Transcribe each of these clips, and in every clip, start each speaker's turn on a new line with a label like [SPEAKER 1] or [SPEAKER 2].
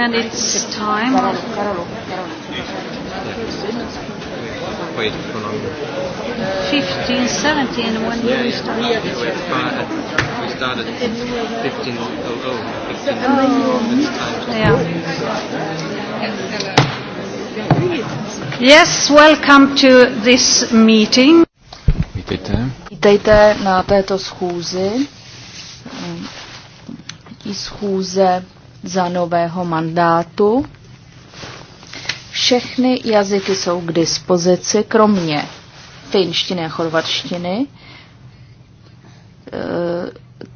[SPEAKER 1] And it's time. Wait for longer. 15, when yeah, we yeah. Yeah, we started 15.00. Oh, yeah.
[SPEAKER 2] Yes, welcome to this meeting.
[SPEAKER 1] Vítejte.
[SPEAKER 3] Vítejte na této schůzi. Schůze za nového mandátu. Všechny jazyky jsou k dispozici, kromě finštiny a chorvatštiny. E,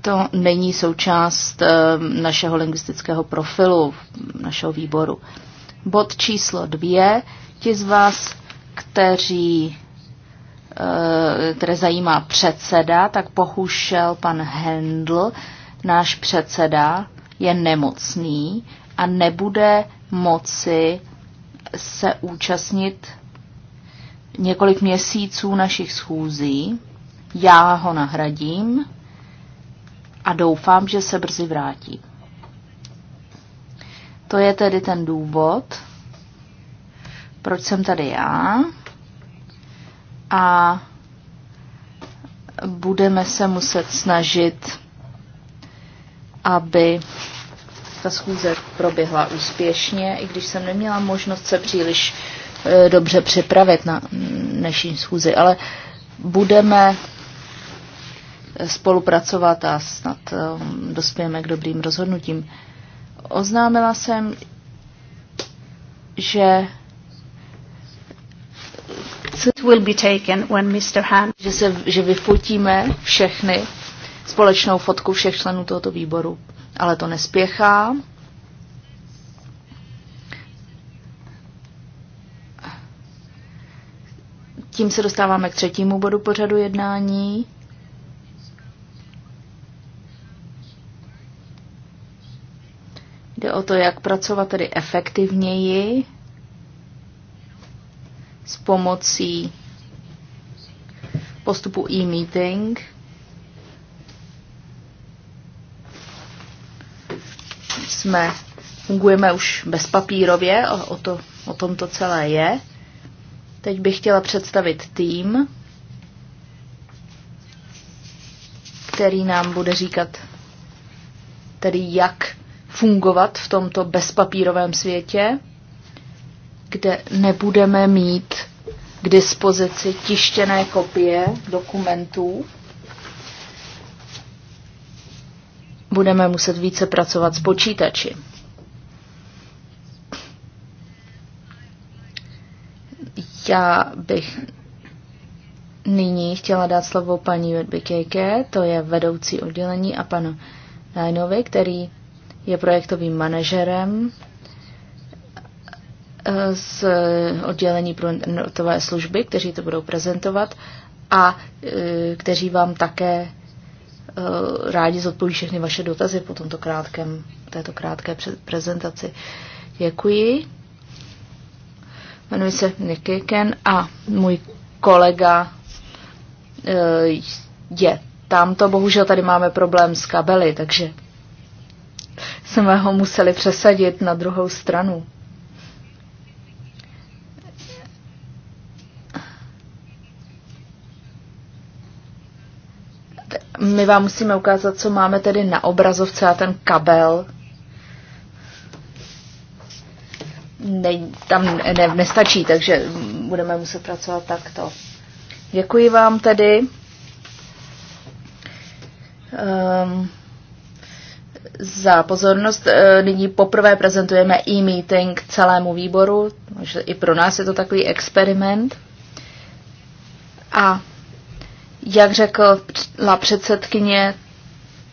[SPEAKER 3] to není součást e, našeho lingvistického profilu, našeho výboru. Bod číslo dvě. Ti z vás, kteří e, které zajímá předseda, tak pohušel pan Hendl, náš předseda, je nemocný a nebude moci se účastnit několik měsíců našich schůzí. Já ho nahradím a doufám, že se brzy vrátí. To je tedy ten důvod, proč jsem tady já. A budeme se muset snažit, aby ta schůze proběhla úspěšně, i když jsem neměla možnost se příliš e, dobře připravit na dnešní schůzi, ale budeme spolupracovat a snad e, dospějeme k dobrým rozhodnutím. Oznámila jsem, že will be taken when Mr. Han... že, se, že vyfotíme všechny společnou fotku všech členů tohoto výboru ale to nespěchá. Tím se dostáváme k třetímu bodu pořadu jednání. Jde o to, jak pracovat tedy efektivněji s pomocí postupu e-meeting. jsme, fungujeme už bezpapírově, o, o, to, o tom to celé je. Teď bych chtěla představit tým, který nám bude říkat, tedy jak fungovat v tomto bezpapírovém světě, kde nebudeme mít k dispozici tištěné kopie dokumentů, budeme muset více pracovat s počítači. Já bych nyní chtěla dát slovo paní Vedbikejke, to je vedoucí oddělení, a panu Najnovi, který je projektovým manažerem eh, z oddělení pro internetové služby, kteří to budou prezentovat a eh, kteří vám také Eh, rádi zodpoví všechny vaše dotazy po tomto krátkém, této krátké prezentaci. Děkuji. Jmenuji se Nicky Ken a můj kolega eh, je tamto. Bohužel tady máme problém s kabely, takže jsme ho museli přesadit na druhou stranu. my vám musíme ukázat, co máme tedy na obrazovce a ten kabel. Ne, tam ne, nestačí, takže budeme muset pracovat takto. Děkuji vám tedy. Um, za pozornost. E, nyní poprvé prezentujeme e-meeting celému výboru, takže i pro nás je to takový experiment. A jak řekla předsedkyně,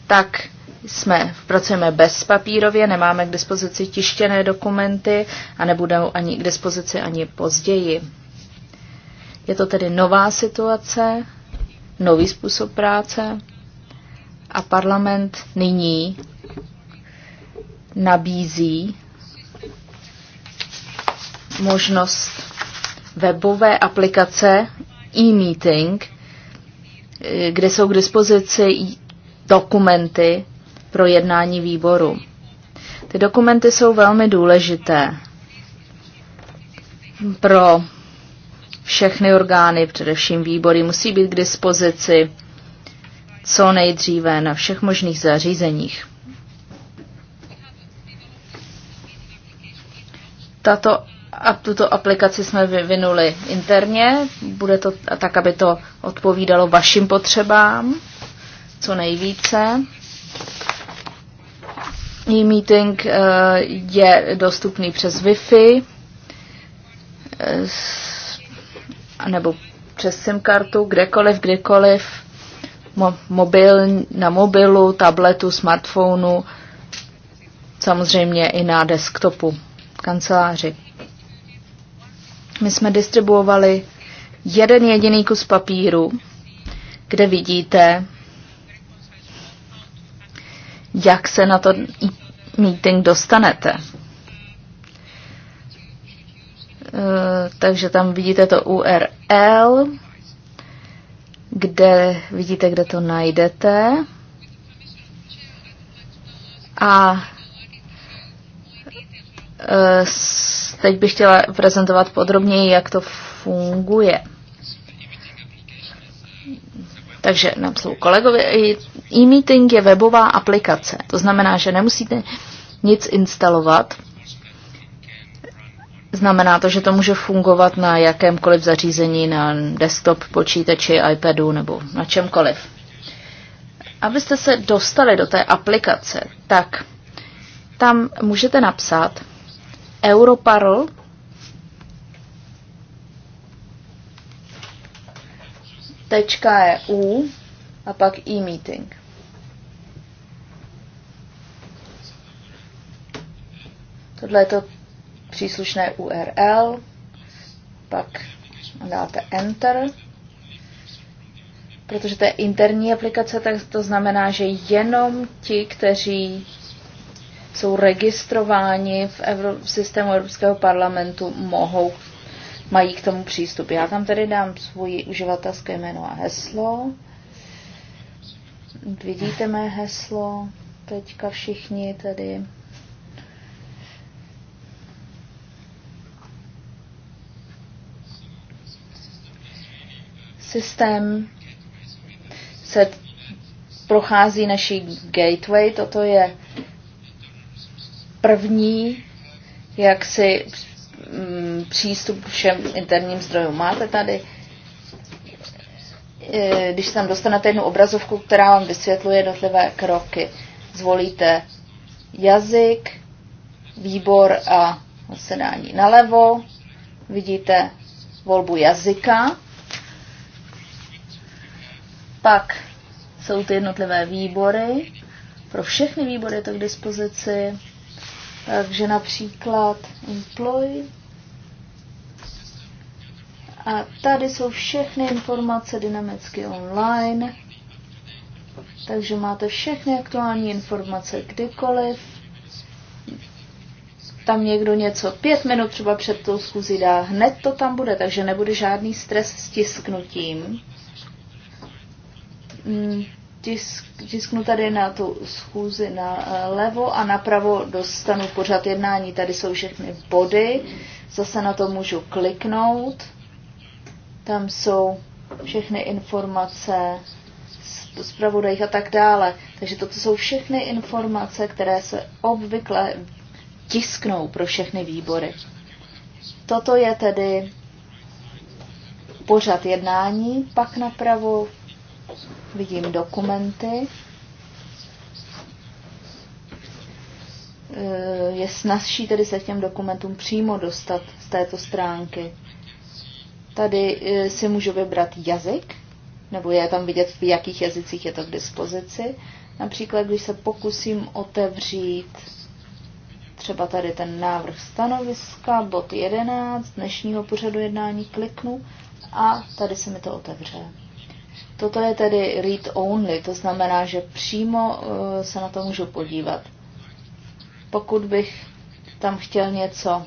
[SPEAKER 3] tak jsme pracujeme bez papírově, nemáme k dispozici tištěné dokumenty a nebudou ani k dispozici ani později. Je to tedy nová situace, nový způsob práce a parlament nyní nabízí možnost webové aplikace e-meeting, kde jsou k dispozici dokumenty pro jednání výboru. Ty dokumenty jsou velmi důležité pro všechny orgány, především výbory, musí být k dispozici co nejdříve na všech možných zařízeních. Tato a tuto aplikaci jsme vyvinuli interně, bude to tak, aby to odpovídalo vašim potřebám co nejvíce. E-meeting eh, je dostupný přes Wi-Fi eh, nebo přes SIM kartu, kdekoliv, kdykoliv, mobil, na mobilu, tabletu, smartphonu, samozřejmě i na desktopu kanceláři. My jsme distribuovali jeden jediný kus papíru, kde vidíte, jak se na to meeting dostanete. E, takže tam vidíte to URL, kde vidíte, kde to najdete. A Eh, teď bych chtěla prezentovat podrobněji, jak to funguje. Takže nám jsou kolegové, e-meeting je webová aplikace. To znamená, že nemusíte nic instalovat. Znamená to, že to může fungovat na jakémkoliv zařízení, na desktop, počítači, iPadu nebo na čemkoliv. Abyste se dostali do té aplikace, tak tam můžete napsat Europarl, U a pak e-meeting. Tohle je to příslušné URL, pak dáte Enter. Protože to je interní aplikace, tak to znamená, že jenom ti, kteří jsou registrováni v, Evro- v systému Evropského parlamentu, mohou, mají k tomu přístup. Já tam tedy dám svůj uživatelské jméno a heslo. Vidíte mé heslo teďka všichni tady. Systém se prochází naší gateway, toto je první jak si mm, přístup k všem interním zdrojům. Máte tady, e, když tam dostanete jednu obrazovku, která vám vysvětluje jednotlivé kroky. Zvolíte jazyk, výbor a zasedání nalevo. Vidíte volbu jazyka. Pak jsou ty jednotlivé výbory. Pro všechny výbory je to k dispozici takže například employ. A tady jsou všechny informace dynamicky online, takže máte všechny aktuální informace kdykoliv. Tam někdo něco pět minut třeba před tou schůzí dá, hned to tam bude, takže nebude žádný stres s tisknutím. Hmm tisk, tisknu tady na tu schůzi na eh, levo a napravo dostanu pořad jednání. Tady jsou všechny body. Zase na to můžu kliknout. Tam jsou všechny informace zpravodajích a tak dále. Takže toto jsou všechny informace, které se obvykle tisknou pro všechny výbory. Toto je tedy pořad jednání, pak napravo Vidím dokumenty. E, je snazší tedy se k těm dokumentům přímo dostat z této stránky. Tady e, si můžu vybrat jazyk, nebo je tam vidět, v jakých jazycích je to k dispozici. Například, když se pokusím otevřít třeba tady ten návrh stanoviska, bod 11 dnešního pořadu jednání, kliknu a tady se mi to otevře. Toto je tedy read only, to znamená, že přímo eh, se na to můžu podívat. Pokud bych tam chtěl něco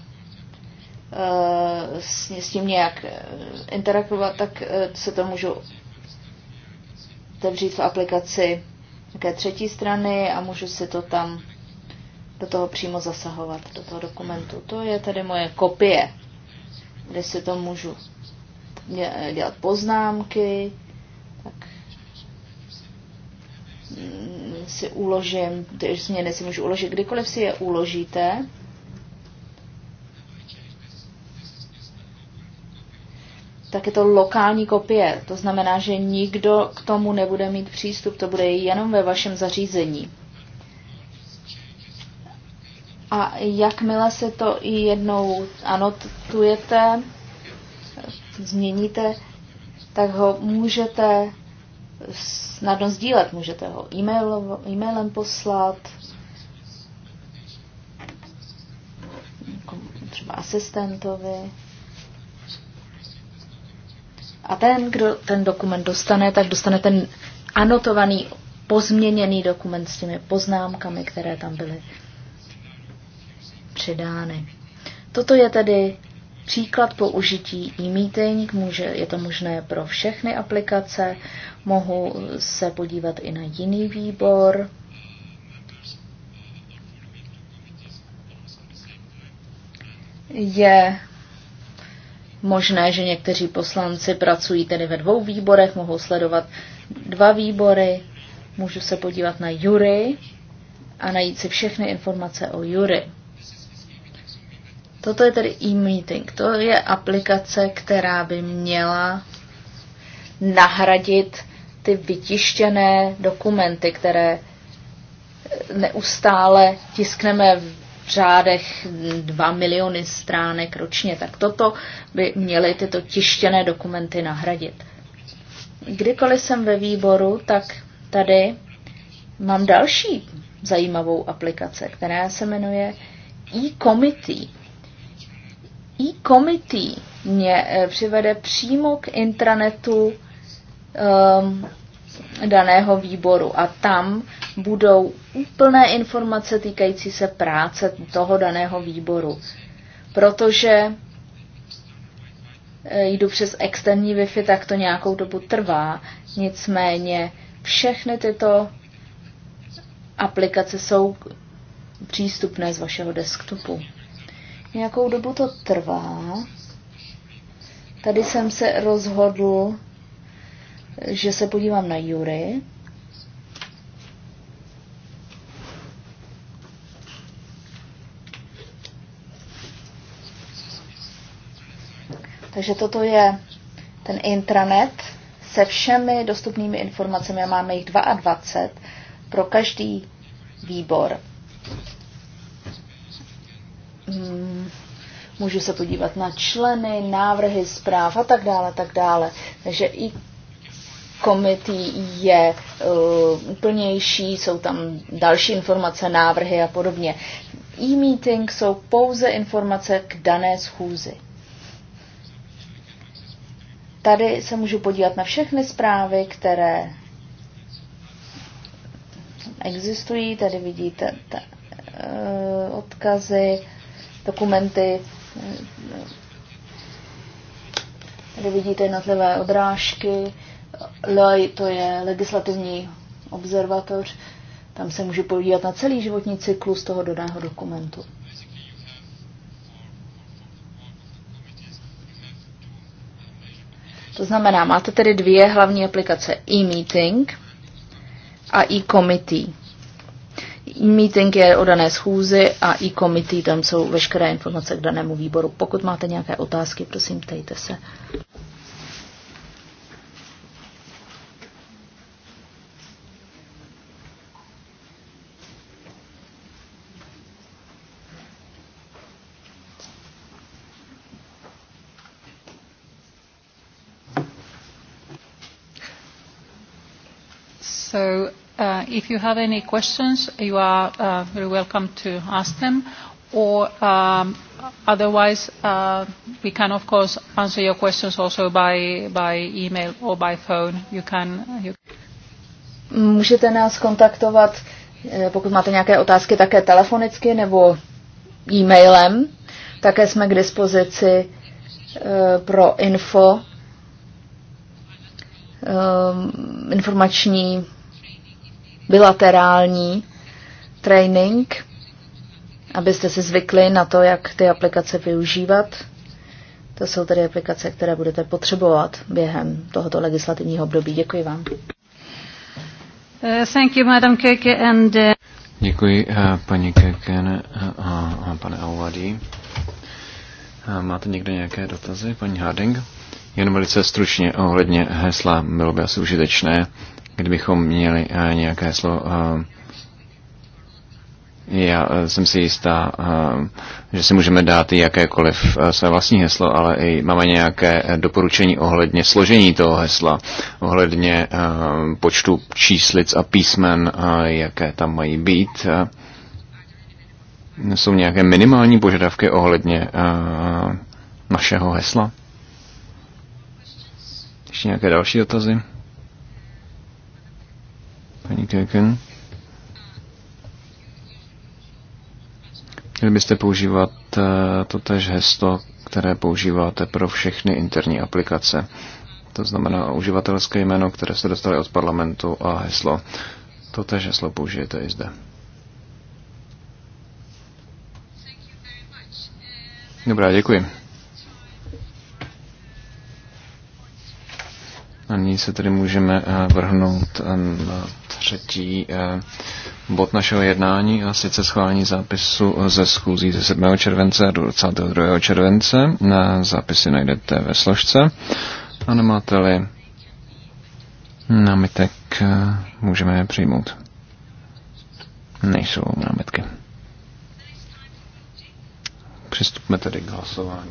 [SPEAKER 3] eh, s tím nějak eh, interagovat, tak se to můžu otevřít v aplikaci nějaké třetí strany a můžu si to tam do toho přímo zasahovat, do toho dokumentu. To je tady moje kopie, kde si to můžu dělat poznámky, tak mm, si uložím, ty změny si můžu uložit, kdykoliv si je uložíte. Tak je to lokální kopie. To znamená, že nikdo k tomu nebude mít přístup, to bude jenom ve vašem zařízení. A jakmile se to i jednou anotujete, změníte, tak ho můžete snadno sdílet. Můžete ho e-mailem, e poslat, třeba asistentovi. A ten, kdo ten dokument dostane, tak dostane ten anotovaný, pozměněný dokument s těmi poznámkami, které tam byly přidány. Toto je tedy příklad použití e-meeting, může, je to možné pro všechny aplikace, mohu se podívat i na jiný výbor. Je možné, že někteří poslanci pracují tedy ve dvou výborech, mohou sledovat dva výbory, můžu se podívat na jury a najít si všechny informace o jury. Toto je tedy e-meeting. To je aplikace, která by měla nahradit ty vytištěné dokumenty, které neustále tiskneme v řádech 2 miliony stránek ročně, tak toto by měly tyto tištěné dokumenty nahradit. Kdykoliv jsem ve výboru, tak tady mám další zajímavou aplikaci, která se jmenuje e-committee e-committee mě eh, přivede přímo k intranetu um, daného výboru a tam budou úplné informace týkající se práce toho daného výboru. Protože eh, jdu přes externí Wi-Fi, tak to nějakou dobu trvá. Nicméně všechny tyto aplikace jsou přístupné z vašeho desktopu. Nějakou dobu to trvá. Tady jsem se rozhodl, že se podívám na Jury. Takže toto je ten intranet se všemi dostupnými informacemi. Máme jich 22 pro každý výbor. Hmm, můžu se podívat na členy, návrhy zpráv a tak dále, tak dále. Takže i komity je uh, eh, plnější, jsou tam další informace, návrhy a podobně. E-meeting jsou pouze informace k dané schůzi. Tady se můžu podívat na všechny zprávy, které existují. Tady vidíte ta, uh, odkazy. Uh, dokumenty. Tady vidíte jednotlivé odrážky. LEJ to je legislativní observatoř. Tam se může podívat na celý životní cyklus toho daného dokumentu. To znamená, máte tedy dvě hlavní aplikace e-meeting a e-committee meeting je o dané schůzi a e-committee, tam jsou veškeré informace k danému výboru. Pokud máte nějaké otázky, prosím, ptejte se.
[SPEAKER 2] So Uh, if you have any questions, you are uh, very welcome to ask them, or um, otherwise, uh, we can, of course, answer your questions also by, by email or by phone. You can, you...
[SPEAKER 3] Můžete nás kontaktovat, eh, pokud máte nějaké otázky, také telefonicky nebo e-mailem. Také jsme k dispozici eh, pro info, eh, informační bilaterální training, abyste si zvykli na to, jak ty aplikace využívat. To jsou tedy aplikace, které budete potřebovat během tohoto legislativního období. Děkuji vám.
[SPEAKER 2] Eh, thank you, Madam and, uh...
[SPEAKER 1] Děkuji, eh, paní Keken a, pane Auvadí. Máte někde nějaké dotazy, paní Harding? Jen velice stručně ohledně hesla bylo by asi užitečné kdybychom měli eh, nějaké slovo. Eh, já eh, jsem si jistá, že si můžeme dát i jakékoliv své vlastní heslo, ale i máme nějaké doporučení ohledně složení toho hesla, ohledně počtu číslic a písmen, jaké tam mají být. Jsou nějaké minimální požadavky ohledně našeho hesla? Ještě nějaké další dotazy? paní Kirken. Měli byste používat eh, to tež heslo, které používáte pro všechny interní aplikace. To znamená uživatelské jméno, které jste dostali od parlamentu a heslo. To tež heslo použijete i zde. Dobrá, děkuji. A nyní se tedy můžeme eh, vrhnout eh, na třetí eh, bod našeho jednání a sice schválení zápisu ze schůzí ze 7. července do 22. července. Na zápisy najdete ve složce. A nemáte-li námitek, můžeme je přijmout. Nejsou námitky. Přistupme tedy k hlasování.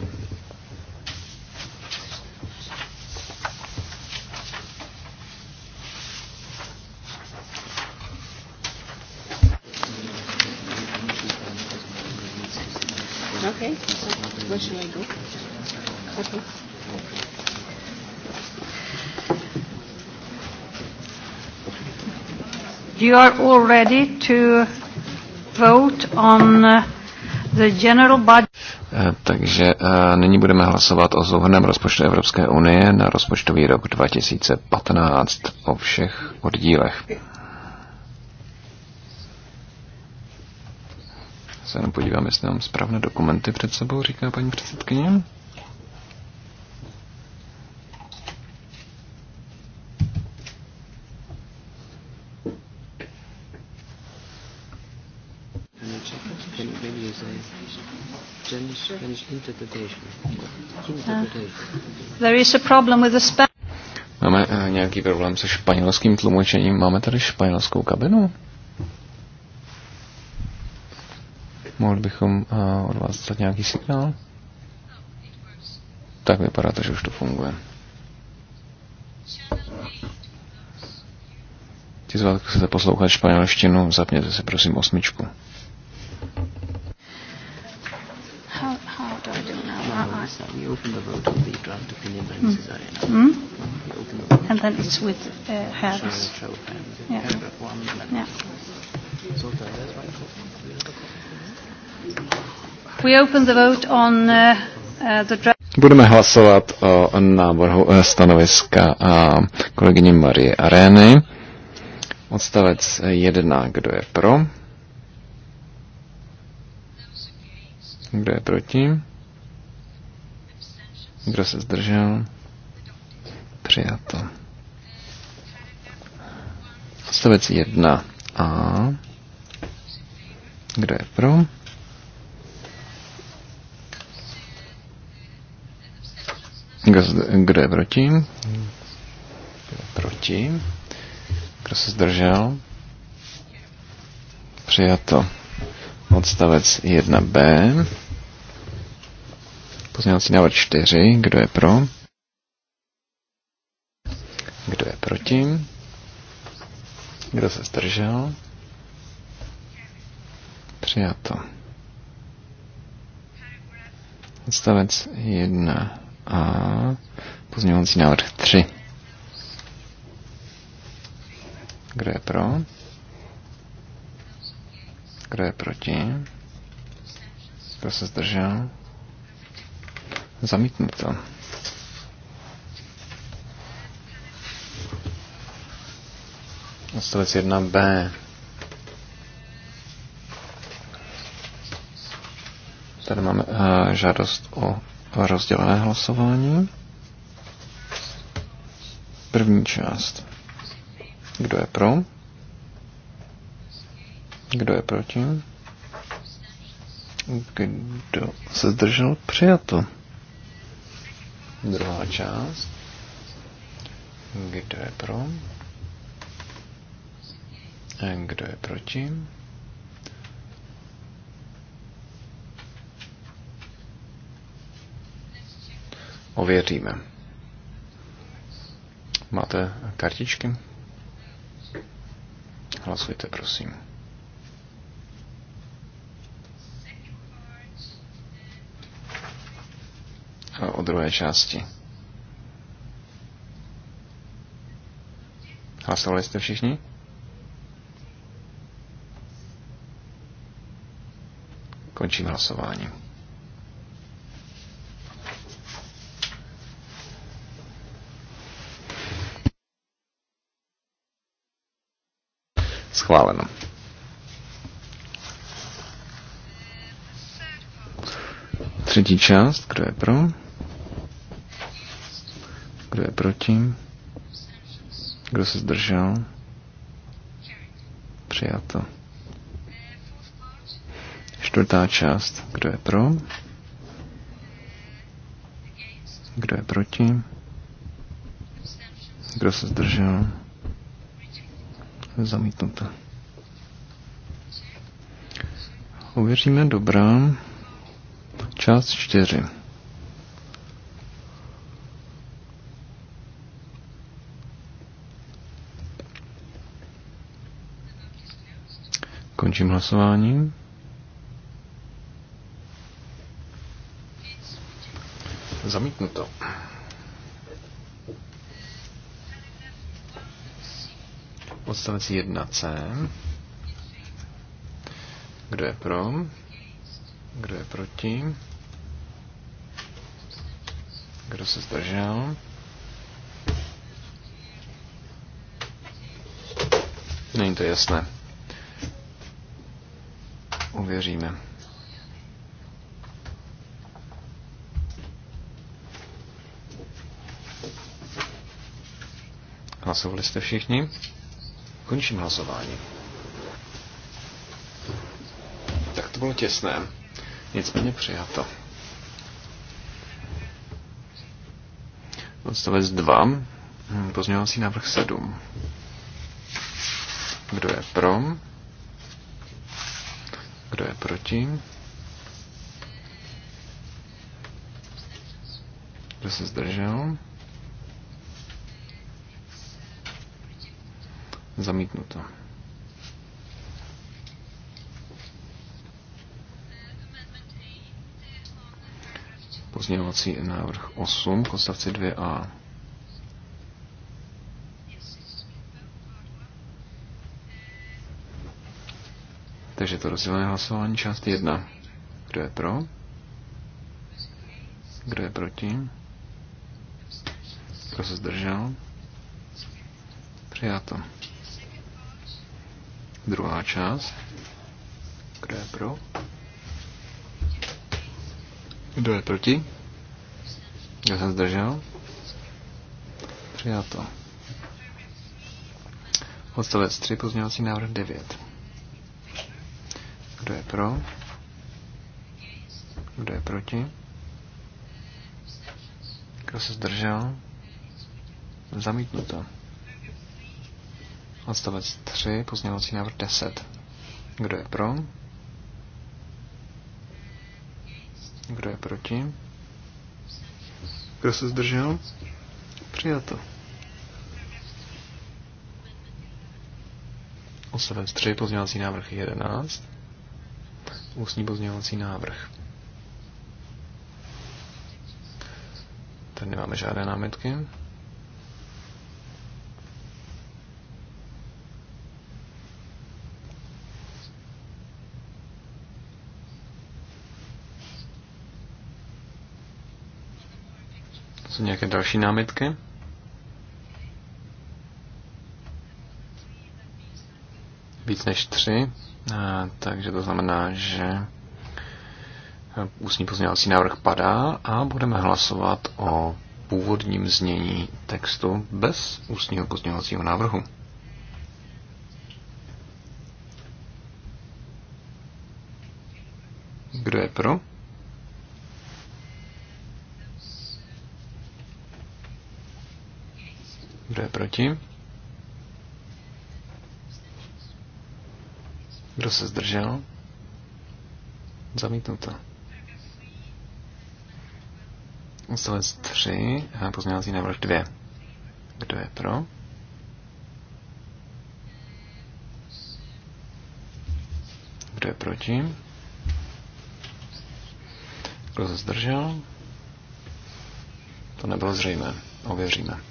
[SPEAKER 1] Where shall I go? Okay.
[SPEAKER 2] You are all ready to vote on uh, the general budget.
[SPEAKER 1] Eh, takže eh, nyní budeme hlasovat o souhrném rozpočtu Evropské unie na rozpočtový rok 2015 o všech oddílech. se jenom podívám, jestli mám správné dokumenty před sebou, říká paní předsedkyně. Ah,
[SPEAKER 2] there is a problem with the
[SPEAKER 1] Máme eh, nějaký problém se španělským tlumočením. Máme tady španělskou kabinu? Mohli bychom eh, od vás dostat nějaký signál? Tak vypadá to, že už to funguje. Ti z vás, chcete poslouchat španělštinu, zapněte si prosím osmičku.
[SPEAKER 2] How, how do We open the vote on uh, uh the
[SPEAKER 1] Budeme hlasovat o návrhu eh, stanoviska a kolegyně Marie Arény. Odstavec 1. Kdo je pro? Kdo je proti? Kdo se zdržel? Přijato. Odstavec 1. A. Kdo je pro? Kdo je proti? Proti. Kdo se zdržel? Přijato. Odstavec 1b. Pozměňovací návrh 4. Kdo je pro? Kdo je proti? Kdo se zdržel? Přijato. Odstavec 1 a pozměňovací návrh 3. Kdo je pro? Kdo je proti? Kdo se zdržel? Zamítnuto. Odstavec 1b. Tady máme uh, žádost o rozdělené hlasování. První část. Kdo je pro? Kdo je proti? Kdo se zdržel? Přijato. Druhá část. Kdo je pro? Kdo je proti? ověříme. Máte kartičky? Hlasujte, prosím. O druhé části. Hlasovali jste všichni? Končím hlasování. schváleno. Třetí část, kdo je pro? Kdo je proti? Kdo se zdržel? Přijato. Čtvrtá část, kdo je pro? Kdo je proti? Kdo se zdržel? Zamítnuto. Uvěříme, dobrá. Část čtyři. Končím hlasování. Zamítnuto. Odstavec 1c. Kdo je pro? Kdo je proti? Kdo se zdržel? Není to jasné. Uvěříme. Hlasovali jste všichni? Končím hlasování. bylo těsné, nicméně přijato. Odstavec 2, hm, pozměňovací návrh 7. Kdo je pro? Kdo je proti? Kdo se zdržel? Zamítnuto. pozměňovací návrh 8 k 2a. Takže to rozdělené hlasování část 1. Kdo je pro? Kdo je proti? Kdo se zdržel? Přijato. Druhá část. Kdo je pro? Kdo je proti? Kdo se zdržel? Přijato. Odstavec 3, pozměňovací návrh 9. Kdo je pro? Kdo je proti? Kdo se zdržel? Zamítnuto. Odstavec 3, pozměňovací návrh 10. Kdo je pro? Kdo je proti? Kdo se zdržel? Přijato. Odstavec 3, pozměňovací návrh 11. Ústní pozměňovací návrh. Tady nemáme žádné námitky. jsou nějaké další námitky? Víc než tři, a, takže to znamená, že ústní pozměňovací návrh padá a budeme hlasovat o původním znění textu bez ústního pozměňovacího návrhu. Kdo je pro? proti? Kdo se zdržel? Zamítnuto. Odstavec 3 a pozměňovací návrh 2. Kdo je pro? Kdo je proti? Kdo se zdržel? To nebylo zřejmé. Ověříme.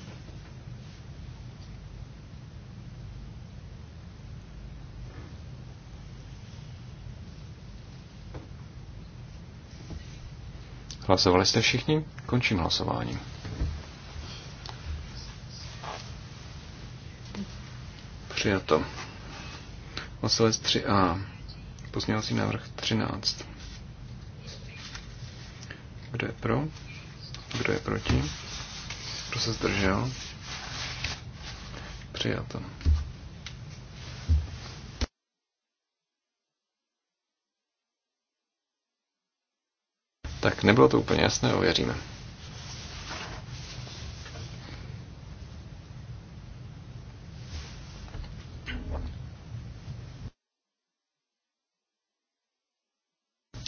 [SPEAKER 1] Hlasovali jste všichni? Končím hlasování. Přijato. Odstavec 3a. Pozměňovací návrh 13. Kdo je pro? Kdo je proti? Kdo se zdržel? Přijato. Tak nebylo to úplně jasné, ověříme.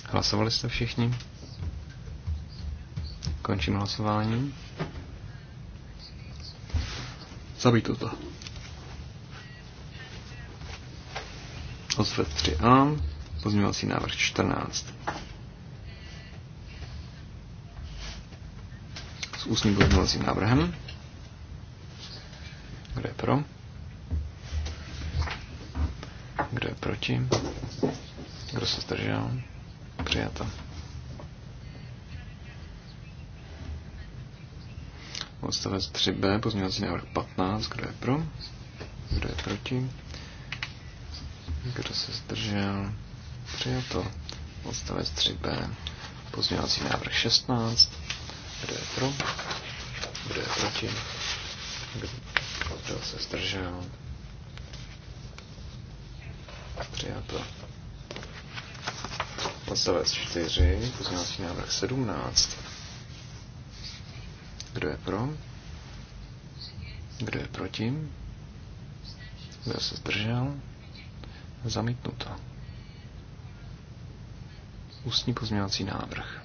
[SPEAKER 1] Hlasovali jste všichni? Končím hlasování. Zabít to. Odzvet 3a, pozměňovací návrh 14. ústním pozměňovacím návrhem. Kdo je pro? Kdo je proti? Kdo se zdržel? Přijata. Odstavec 3b, pozměňovací návrh 15. Kdo je pro? Kdo je proti? Kdo se zdržel? Přijato. Odstavec 3b, pozměňovací návrh 16. Kdo je pro? Kdo je proti? Kdo se zdržel? Přijato. Odstavec 4, pozměňovací návrh 17. Kdo je pro? Kdo je proti? Kdo se zdržel? Zamítnuto. Ústní pozměňovací návrh.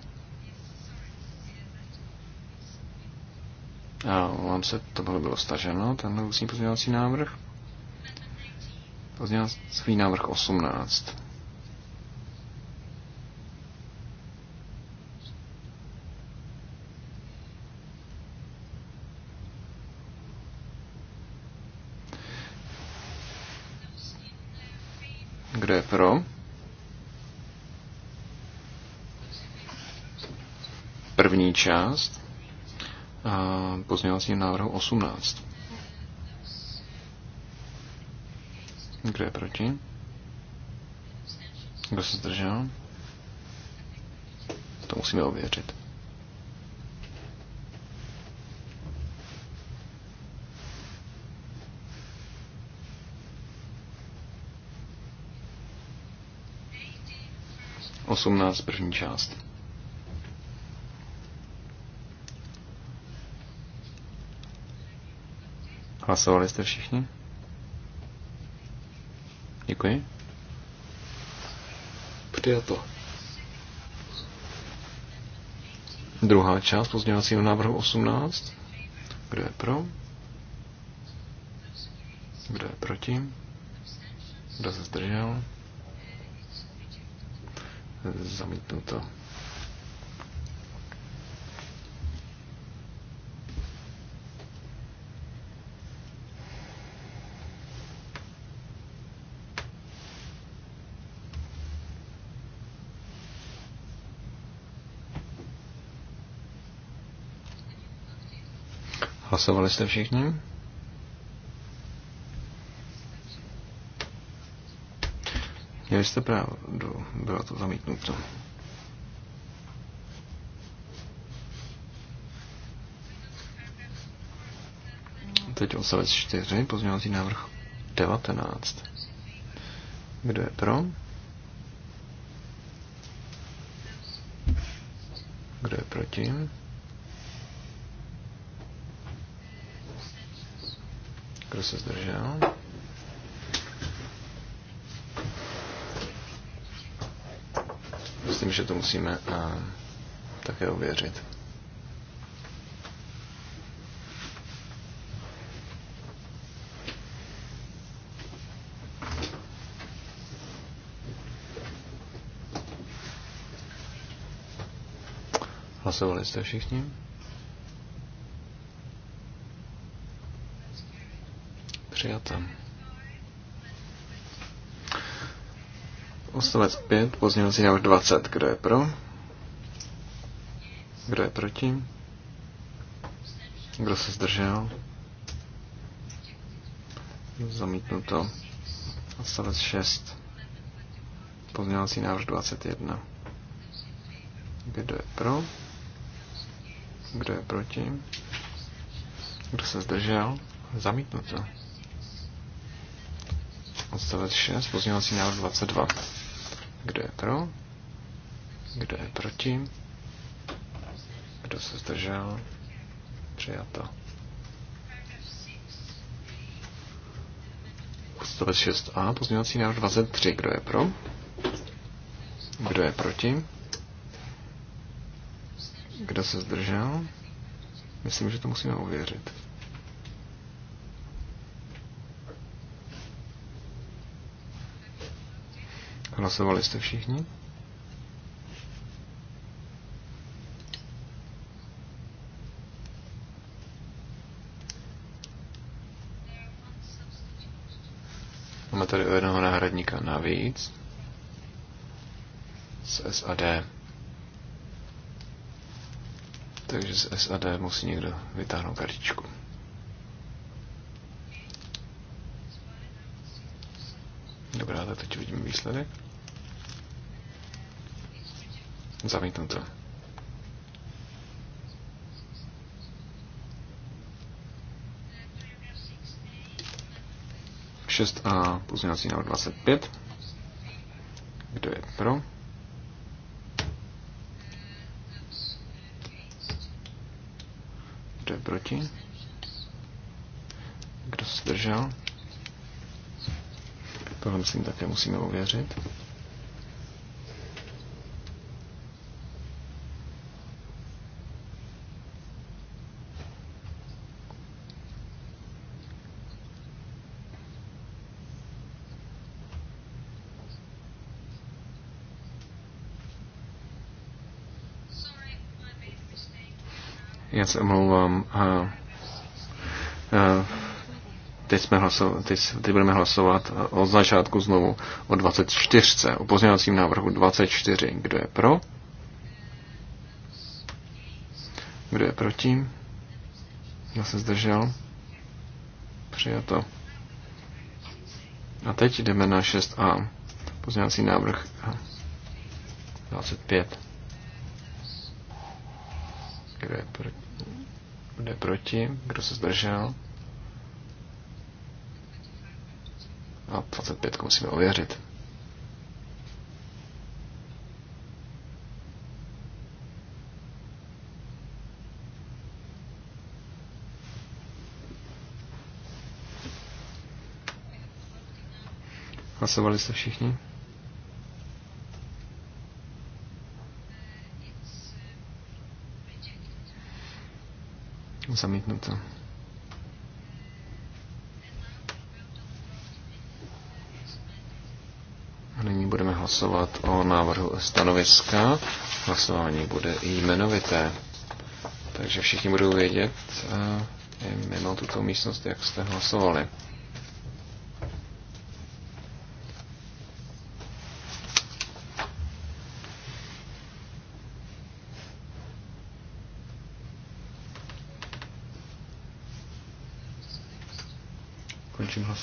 [SPEAKER 1] A vám se, to bylo bylo staženo, tenhle ústní pozměňovací návrh. Pozměňovací návrh 18. Kdo je pro? První část. Uh, pozměňovacím návrhu 18. Kdo je proti? Kdo se zdržel? To musíme ověřit. Osmnáct první část. Hlasovali jste všichni? Děkuji. Přijato. Druhá část pozměňovacího návrhu 18. Kdo je pro? Kdo je proti? Kdo se zdržel? Zamítnuto. Hlasovali jste všichni? Měli jste pravdu, bylo to zamítnuto. Teď odstavec 4, pozměňovací návrh 19. Kdo je pro? Kdo je proti? Kdo se zdržel? Myslím, že to musíme a, eh, také ověřit. Hlasovali jste všichni? Přijata. Odstavec 5, pozměňovací návrh 20. Kdo je pro? Kdo je proti? Kdo se zdržel? Zamítnuto. Odstavec 6. Pozměňovací návrh 21. Kdo je pro? Kdo je proti? Kdo se zdržel? Zamítnuto odstavec 6, pozměňovací návrh 22. Kdo je pro? Kdo je proti? Kdo se zdržel? Přijato. Odstavec 6a, pozměňovací návrh 23. Kdo je pro? Kdo je proti? Kdo se zdržel? Myslím, že to musíme ověřit. Hlasovali jste všichni? Máme tady o jednoho náhradníka navíc z SAD. Takže z SAD musí někdo vytáhnout kartičku. Dobrá, tak teď vidíme výsledek. Zamítnuto. Šest a pozměňovací návrh 25. Kdo je pro? Kdo je proti? Kdo se zdržel? Tohle myslím také musíme uvěřit. se omlouvám. A, a, teď, jsme hlasovat, teď, teď budeme hlasovat od začátku znovu o 24. O pozměňovacím návrhu 24. Kdo je pro? Kdo je proti? Já se zdržel? Přijato. A teď jdeme na 6a. Pozměňovací návrh 25. kdo je proti, kdo se zdržel. A 25 musíme ověřit. Hlasovali jste všichni? Zamítnuto. A nyní budeme hlasovat o návrhu stanoviska. Hlasování bude i jmenovité. Takže všichni budou vědět eh, mimo tuto místnost, jak jste hlasovali.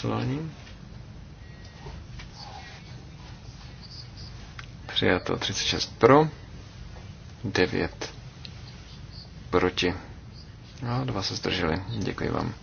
[SPEAKER 1] hlasování. Přijato 36 pro, 9 proti. A dva se zdrželi. Děkuji vám.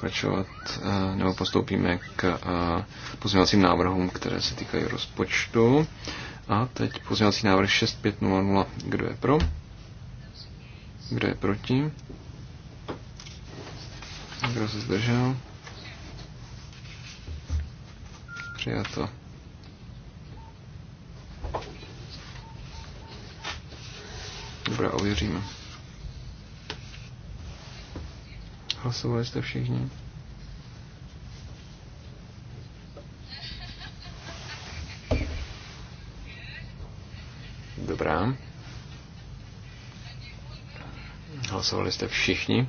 [SPEAKER 1] pokračovat eh, nebo postoupíme k eh, pozměňovacím návrhům, které se týkají rozpočtu. A teď pozměňovací návrh 6500. Kdo je pro? Kdo je proti? Kdo se zdržel? Přijato. Dobrá, ověříme. Hlasovali jste všichni? Dobrá. Hlasovali jste všichni?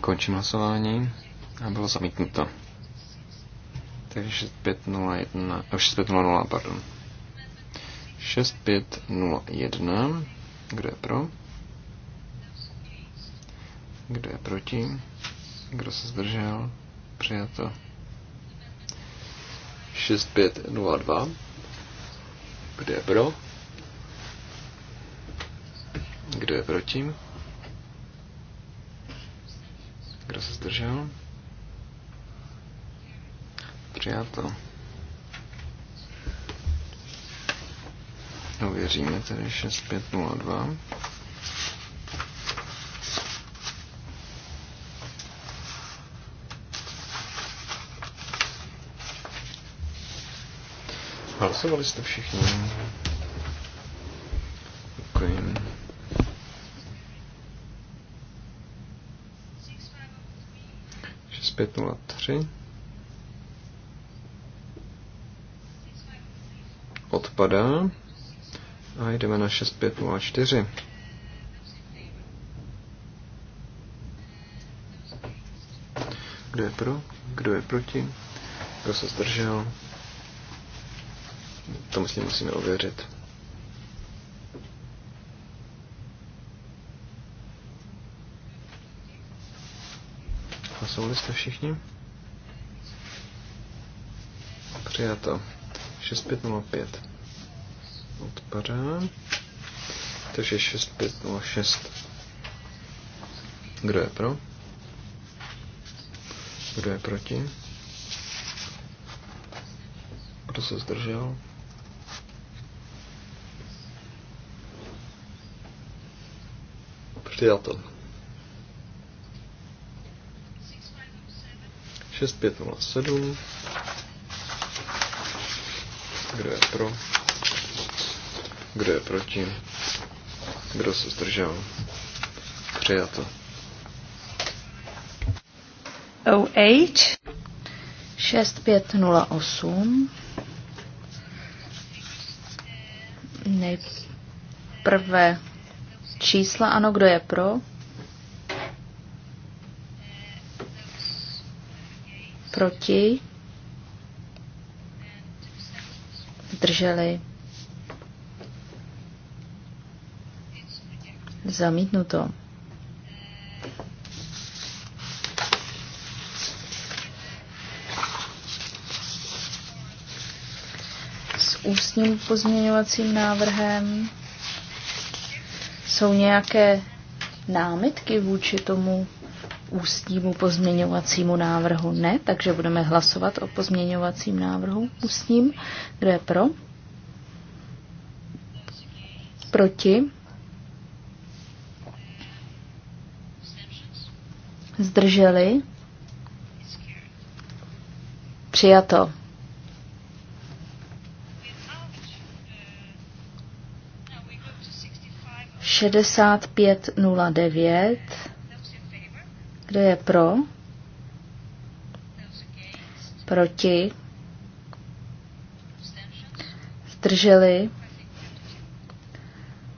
[SPEAKER 1] Končím hlasování a bylo zamítnuto. Takže 6501, 6500, pardon. 6501, kdo je pro? Kdo je proti? Kdo se zdržel? Přijato. 6502. Kdo je pro? Kdo je proti? Kdo se zdržel? přijato. Ověříme tedy 6502. Hlasovali jste všichni. Děkuji. Okay. 6503. odpadá. A jdeme na 6504. Kdo je pro? Kdo je proti? Kdo se zdržel? To myslím musíme ověřit. Hlasovali jste všichni? Přijato. 6505 vypadá. Takže 6506. Kdo je pro? Kdo je proti? Kdo se zdržel? Přijato. 6507. Kdo je pro? Kdo je proti? Kdo se zdržel? Přijato.
[SPEAKER 3] OH 6508 Nejprve čísla, ano, kdo je pro? Proti? Drželi Zamítnuto. S ústním pozměňovacím návrhem jsou nějaké námitky vůči tomu ústnímu pozměňovacímu návrhu? Ne, takže budeme hlasovat o pozměňovacím návrhu ústním. Kdo je pro? Proti? zdrželi, přijato. Šedesát pět nula devět. Kdo je pro? Proti? Zdrželi?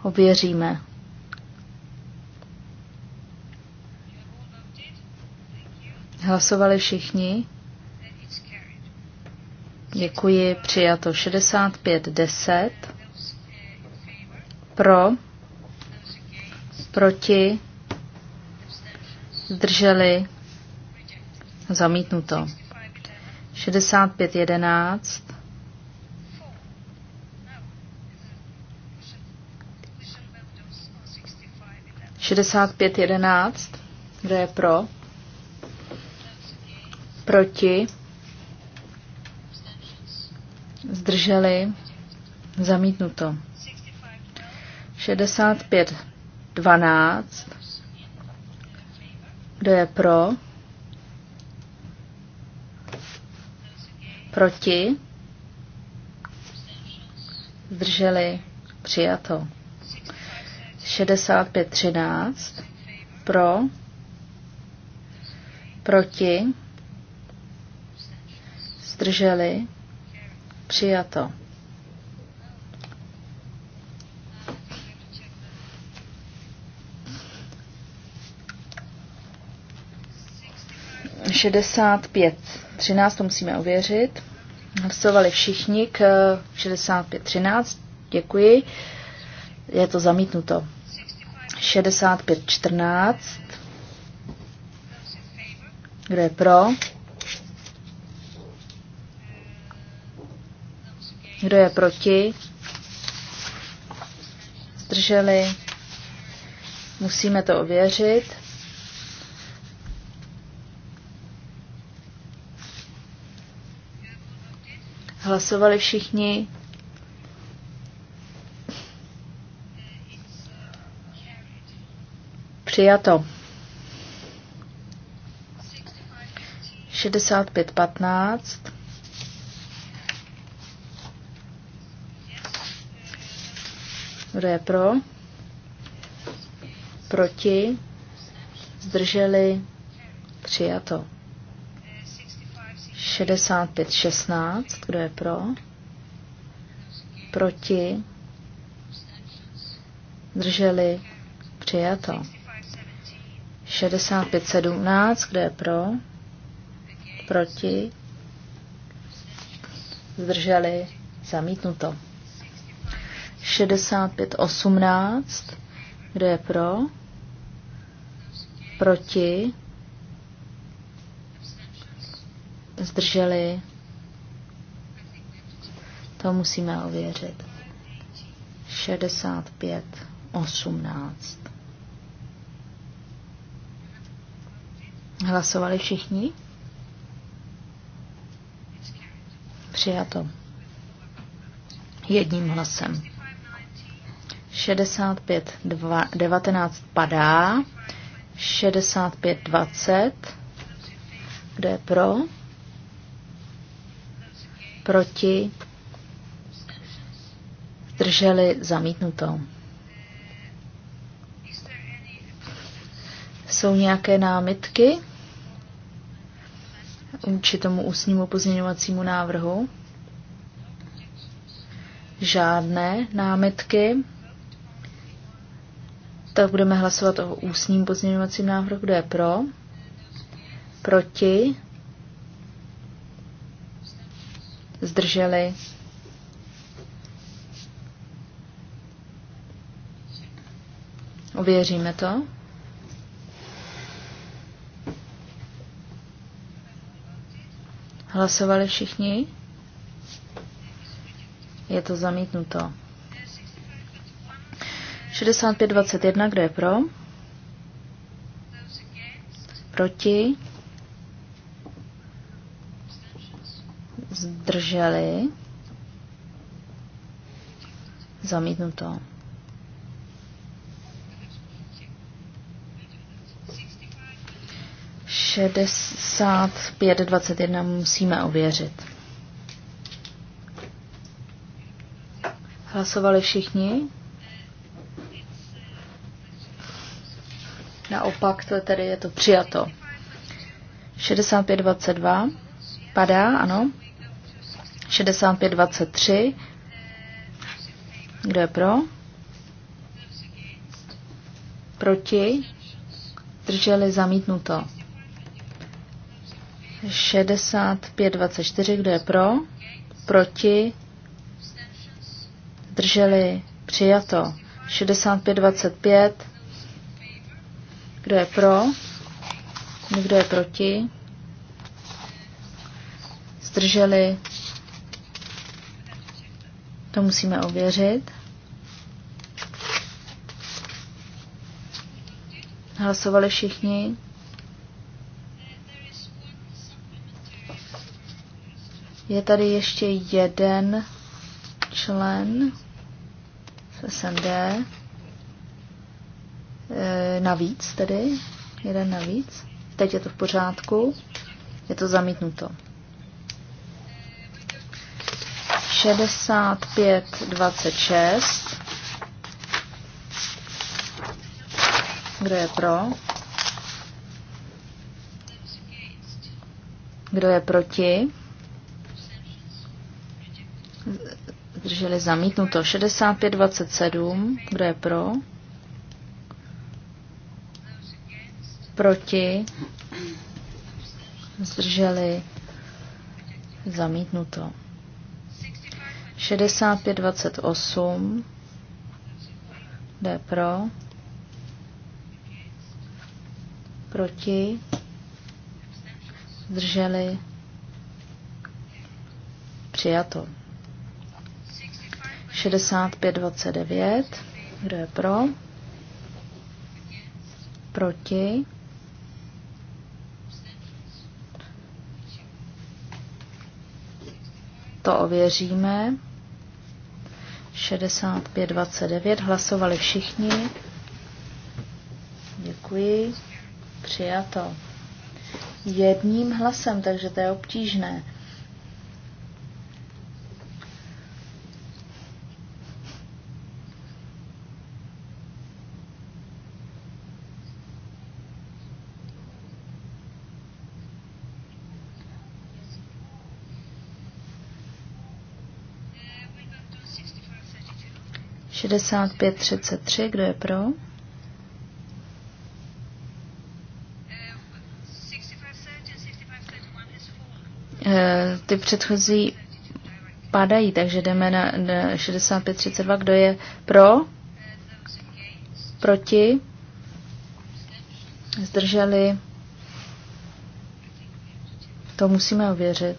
[SPEAKER 3] Ověříme. Hlasovali všichni? Děkuji, přijato 65 65-10. Pro, proti, zdrželi, zamítnuto. 65 Šedesát pět jedenáct, kdo je pro? proti, zdrželi, zamítnuto. 65, 12, kdo je pro, proti, zdrželi, přijato. 65, 13, pro, proti, zdrželi, přijato. Šedesát pět. Třináct to musíme ověřit. Hlasovali všichni k eh, šedesát pět třináct Děkuji. Je to zamítnuto. Čtrnáct. Kdo je pro? Kdo je proti? Zdrželi? Musíme to ověřit. Hlasovali všichni. Přijato. 65.15. Kdo je pro? Proti? Zdrželi? Přijato. 65, 16. Kdo je pro? Proti? Zdrželi? Přijato. 65, 17. Kdo je pro? Proti? Zdrželi? Zamítnuto. 65.18. Kdo je pro? Proti? Zdrželi? To musíme ověřit. 65, 18. Hlasovali všichni? Přijato. Jedním hlasem. 65 2, 19 padá, 65 20, kde je pro, proti, drželi zamítnuto. Jsou nějaké námitky vůči tomu ústnímu pozměňovacímu návrhu? Žádné námitky tak budeme hlasovat o ústním pozměňovacím návrhu. Kdo je pro? Proti? Zdrželi? Ověříme to. Hlasovali všichni? Je to zamítnuto. 6521, kdo je pro? Proti? Zdrželi? Zamítnuto. jedna musíme ověřit. Hlasovali všichni? pakt, tedy je to přijato. 6522 padá, ano. 6523. Kdo je pro? Proti? Drželi zamítnuto. 6524. Kdo je pro? Proti? Drželi přijato. 6525 kdo je pro? Kdo je proti? Zdrželi? To musíme ověřit. Hlasovali všichni? Je tady ještě jeden člen z SND. Eh, navíc tedy, jeden navíc. Teď je to v pořádku, je to zamítnuto. 65, 26. Kdo je pro? Kdo je proti? Drželi zamítnuto. 65, 27. Kdo je pro? proti, zdrželi, zamítnuto. 6528, jde pro, proti, zdrželi, přijato. 6529, kdo je pro, proti, To ověříme. 65-29. Hlasovali všichni. Děkuji. Přijato. Jedním hlasem, takže to je obtížné. 6533, kdo je pro? 65, eh, ty předchozí padají, takže jdeme na 6532, Kdo je pro? Proti? Zdrželi? To musíme ověřit.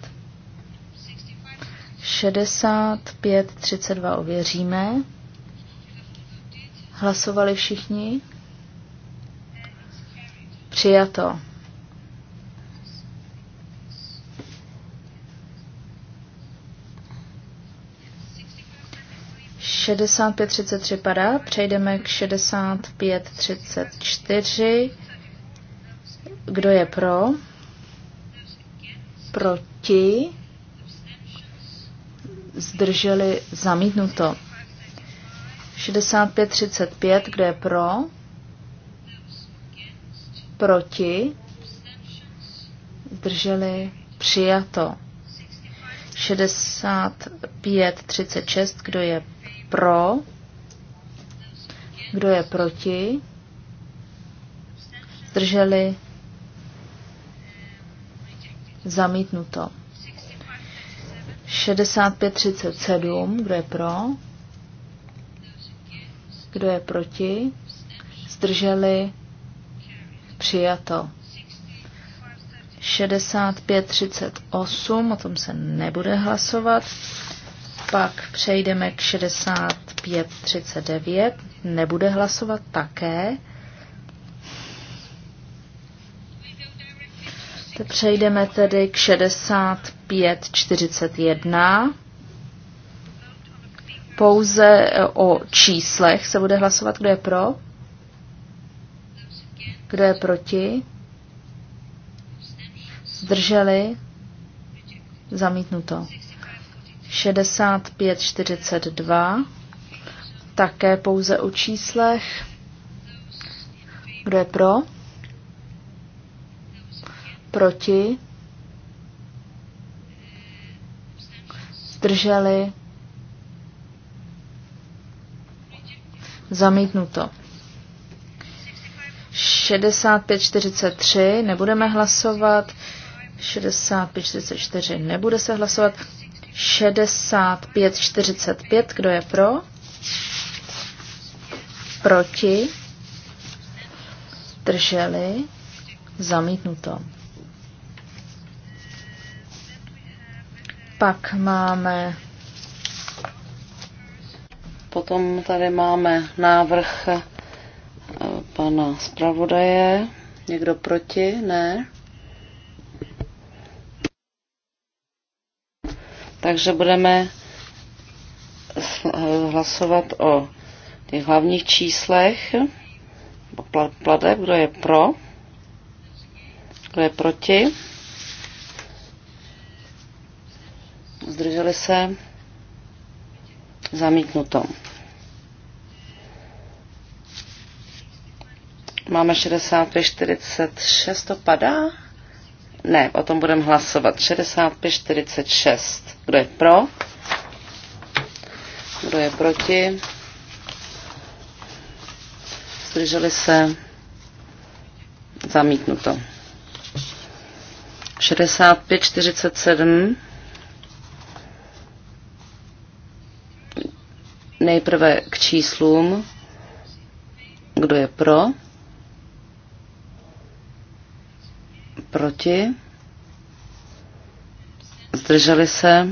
[SPEAKER 3] 65-32 ověříme. Hlasovali všichni? Přijato. Šedesát pět třicet tři padá, přejdeme k šedesát pět třicet čtyři. Kdo je pro? Proti? Zdrželi zamítnuto. 65-35, kde je pro? Proti? Zdrželi? Přijato. 65-36, kdo je pro? Kdo je proti? Zdrželi? Zamítnuto. 65-37, kdo je pro? Kdo je proti? Zdrželi? Přijato. 65.38, o tom se nebude hlasovat. Pak přejdeme k 65.39, nebude hlasovat také. Přejdeme tedy k 65.41. Pouze eh, o číslech se bude hlasovat, kdo je pro, kdo je proti, zdrželi, zamítnuto. 6542, také pouze o číslech. Kdo je pro? Proti? Zdrželi? Zamítnuto. 6543 nebudeme hlasovat. 6544 nebude se hlasovat. 6545, kdo je pro? Proti? Drželi? Zamítnuto. Pak máme
[SPEAKER 4] Potom tady máme návrh eh, pana zpravodaje. Někdo proti? Ne. Takže budeme eh, hlasovat o těch hlavních číslech plateb, kdo je pro, kdo je proti. Zdrželi se zamítnuto. Máme 6546, to padá? Ne, o tom budeme hlasovat. 6546. Kdo je pro? Kdo je proti? Zdrželi se? Zamítnuto. 6547. Nejprve k číslům. Kdo je pro? Proti? Zdrželi se?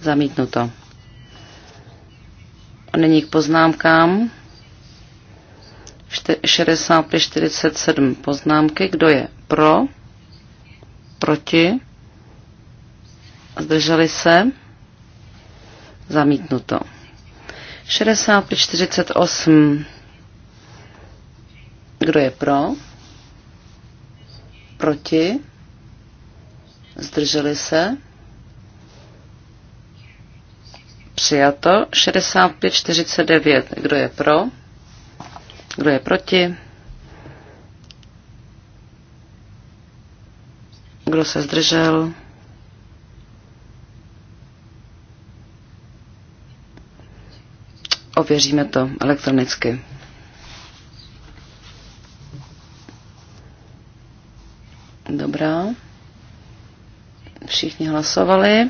[SPEAKER 4] Zamítnuto. A nyní k poznámkám. 65, 47 poznámky. Kdo je pro? Proti? Zdrželi se? Zamítnuto. 65, 48. Kdo je pro? Proti? Zdrželi se? Přijato 65-49. Kdo je pro? Kdo je proti? Kdo se zdržel? Ověříme to elektronicky. Všichni hlasovali.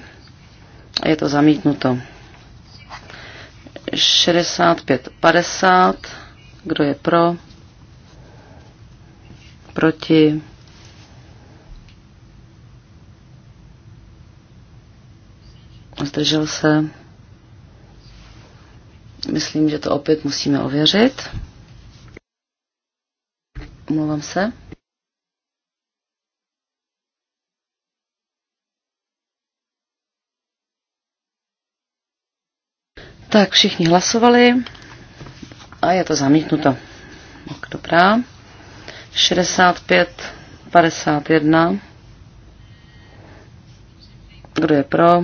[SPEAKER 4] Je to zamítnuto. 65, 50. Kdo je pro? Proti? Zdržel se? Myslím, že to opět musíme ověřit. Omlouvám se. Tak všichni hlasovali a je to zamítnuto. Tak dobrá. 65, 51. Kdo je pro?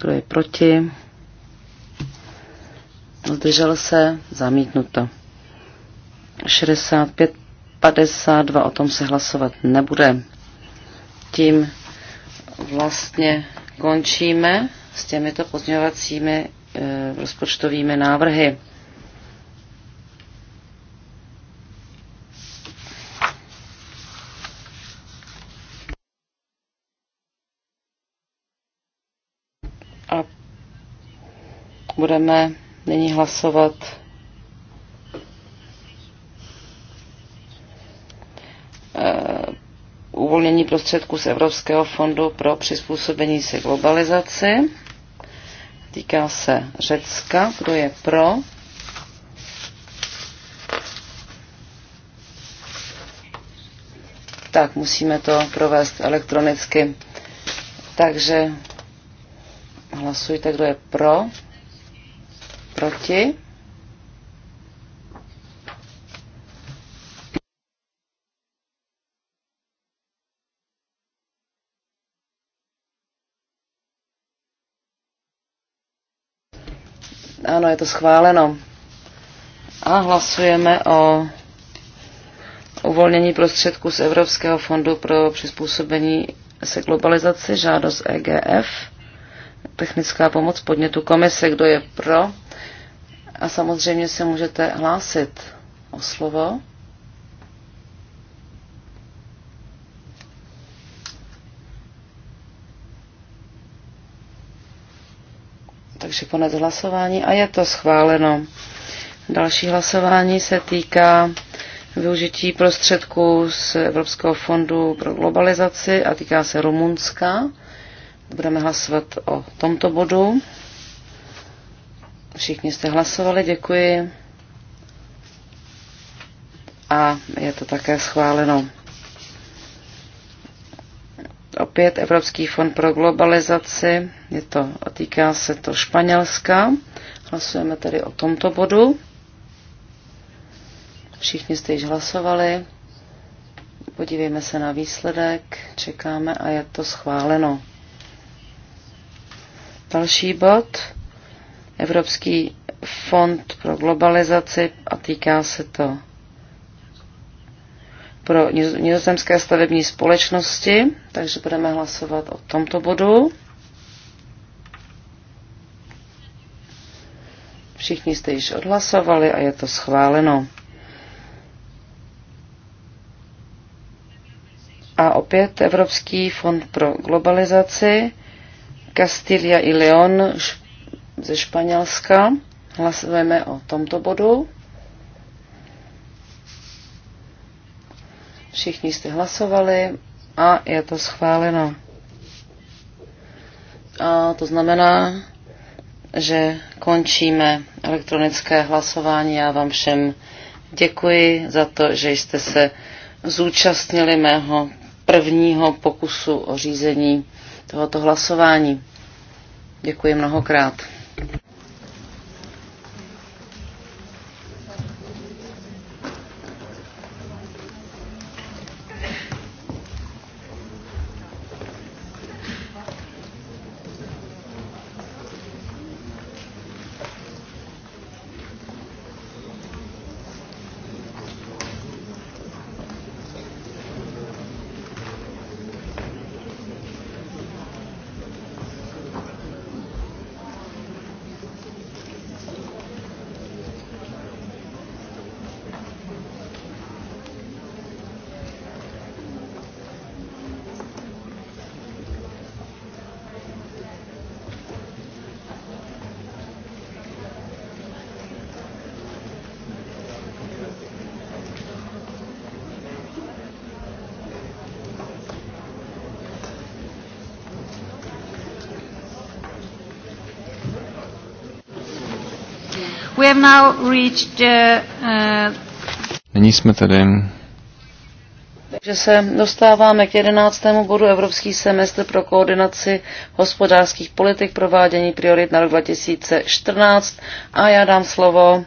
[SPEAKER 4] Kdo je proti? Zdržel se? Zamítnuto. 65, 52. O tom se hlasovat nebude. Tím vlastně končíme s těmito pozměňovacími eh, rozpočtovými návrhy. A budeme nyní hlasovat uvolnění prostředků z Evropského fondu pro přizpůsobení se globalizaci. Týká se Řecka. Kdo je pro? Tak, musíme to provést elektronicky. Takže hlasujte, kdo je pro, proti. Ano, je to schváleno. A hlasujeme o uvolnění prostředků z Evropského fondu pro přizpůsobení se globalizaci, žádost EGF, technická pomoc podnětu komise, kdo je pro. A samozřejmě se můžete hlásit o slovo. Takže konec hlasování a je to schváleno. Další hlasování se týká využití prostředků z Evropského fondu pro globalizaci a týká se Rumunska. Budeme hlasovat o tomto bodu. Všichni jste hlasovali, děkuji. A je to také schváleno opět Evropský fond pro globalizaci. Je to, týká se to Španělska. Hlasujeme tedy o tomto bodu. Všichni jste již hlasovali. Podívejme se na výsledek, čekáme a je to schváleno. Další bod. Evropský fond pro globalizaci a týká se to pro nizozemské stavební společnosti, takže budeme hlasovat o tomto bodu. Všichni jste již odhlasovali a je to schváleno. A opět Evropský fond pro globalizaci, Castilla i León ze Španělska. Hlasujeme o tomto bodu. Všichni jste hlasovali a je to schváleno. A to znamená, že končíme elektronické hlasování. Já vám všem děkuji za to, že jste se zúčastnili mého prvního pokusu o řízení tohoto hlasování. Děkuji mnohokrát. now reached, uh, uh,
[SPEAKER 1] Nyní jsme tedy
[SPEAKER 4] takže se dostáváme k jedenáctému bodu Evropský semestr pro koordinaci hospodářských politik provádění priorit na rok 2014 a já dám slovo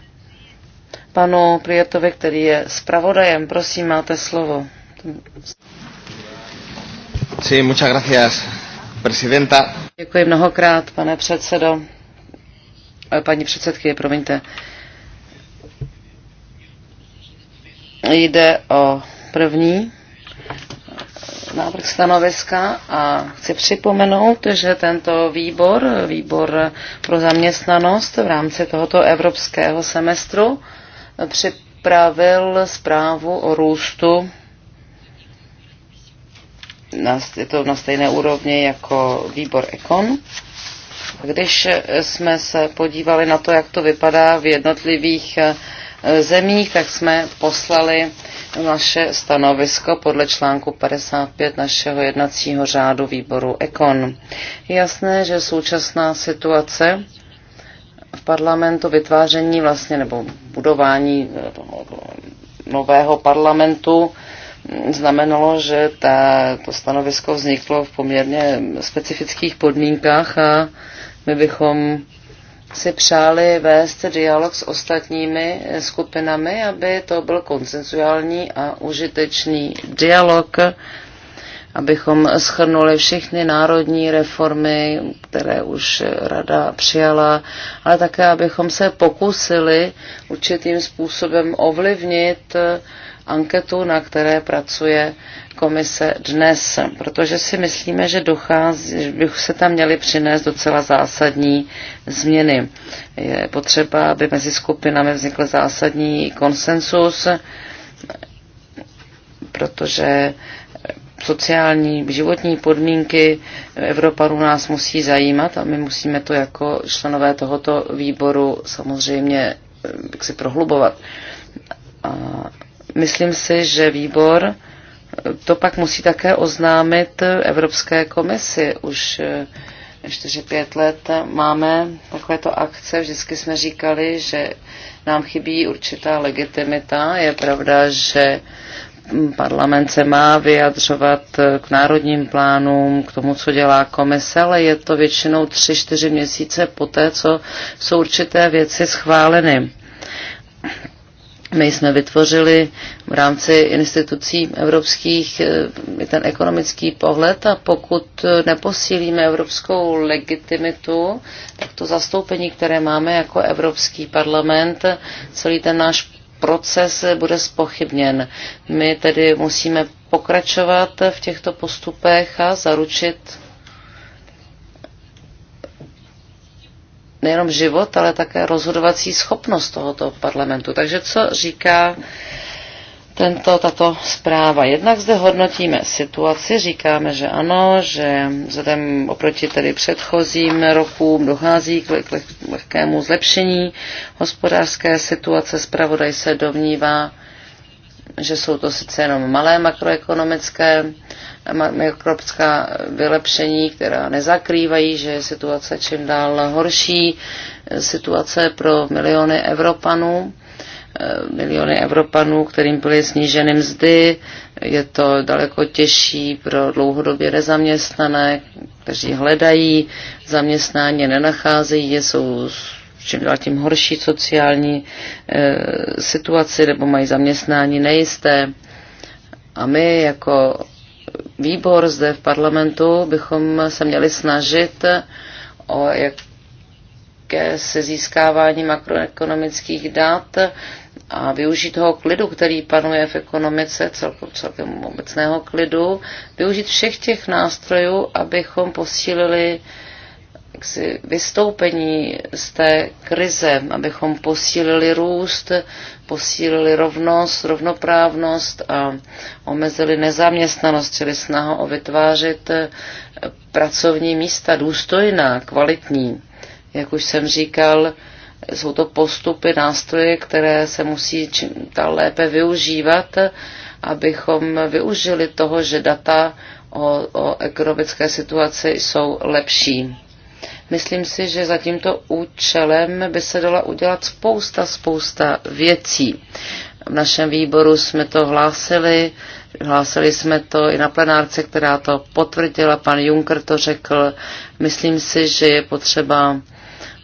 [SPEAKER 4] panu Prietovi, který je zpravodajem. Prosím, máte slovo.
[SPEAKER 1] Sí, muchas gracias, presidenta.
[SPEAKER 4] Děkuji mnohokrát, pane předsedo. Eh, paní předsedkyně, promiňte. Jde o první návrh stanoviska a chci připomenout, že tento výbor, výbor pro zaměstnanost v rámci tohoto evropského semestru eh, připravil zprávu o růstu na, je to na stejné úrovni jako výbor Ekon. Když jsme se podívali na to, jak to vypadá v jednotlivých eh, zemích, tak jsme poslali naše stanovisko podle článku 55 našeho jednacího řádu výboru Ekon. Je jasné, že současná situace v parlamentu vytváření vlastně nebo budování eh, nového parlamentu znamenalo, že ta, to stanovisko vzniklo v poměrně specifických podmínkách a my bychom si přáli vést dialog s ostatními skupinami, aby to byl konsenzuální a užitečný dialog, abychom schrnuli všechny národní reformy, které už rada přijala, ale také abychom se pokusili určitým způsobem ovlivnit anketu, na které pracuje komise dnes, protože si myslíme, že, dochází, že bych se tam měly přinést docela zásadní změny. Je potřeba, aby mezi skupinami vznikl zásadní konsensus, protože sociální životní podmínky Evropanů nás musí zajímat a my musíme to jako členové tohoto výboru samozřejmě eh, si prohlubovat. A Myslím si, že výbor to pak musí také oznámit Evropské komisi. Už 4-5 eh, let máme takovéto akce. Vždycky jsme říkali, že nám chybí určitá legitimita. Je pravda, že parlament se má vyjadřovat k národním plánům, k tomu, co dělá komise, ale je to většinou 3-4 měsíce poté, co jsou určité věci schváleny my jsme vytvořili v rámci institucí evropských eh, ten ekonomický pohled a pokud eh, neposílíme evropskou legitimitu, tak to zastoupení, které máme jako Evropský parlament, celý ten náš proces bude spochybněn. My tedy musíme pokračovat v těchto postupech a zaručit nejenom život, ale také rozhodovací schopnost tohoto parlamentu. Takže co říká tento, tato zpráva. Jednak zde hodnotíme situaci, říkáme, že ano, že vzhledem oproti tedy předchozím rokům dochází k, lehkému zlepšení hospodářské situace. Spravodaj se domnívá, že jsou to sice jenom malé makroekonomické mikrobická vylepšení, která nezakrývají, že je situace čím dál horší, situace pro miliony Evropanů, eh, miliony Evropanů, kterým byly sníženy mzdy, je to daleko těžší pro dlouhodobě nezaměstnané, kteří hledají zaměstnání, nenacházejí, jsou čím dál tím horší sociální e, situaci nebo mají zaměstnání nejisté. A my jako výbor zde v parlamentu bychom se měli snažit o jaké se získávání makroekonomických dat a využít toho klidu, který panuje v ekonomice, celkem, celkem obecného klidu, využít všech těch nástrojů, abychom posílili jaksi, vystoupení z té krize, abychom posílili růst, posílili rovnost, rovnoprávnost a omezili nezaměstnanost, čili snahu o vytvářet eh, pracovní místa důstojná, kvalitní. Jak už jsem říkal, jsou to postupy, nástroje, které se musí ta lépe využívat, abychom využili toho, že data o, o ekonomické situaci jsou lepší. Myslím si, že za tímto účelem by se dala udělat spousta, spousta věcí. V našem výboru jsme to hlásili, hlásili jsme to i na plenárce, která to potvrdila, pan Juncker to řekl. Myslím si, že je potřeba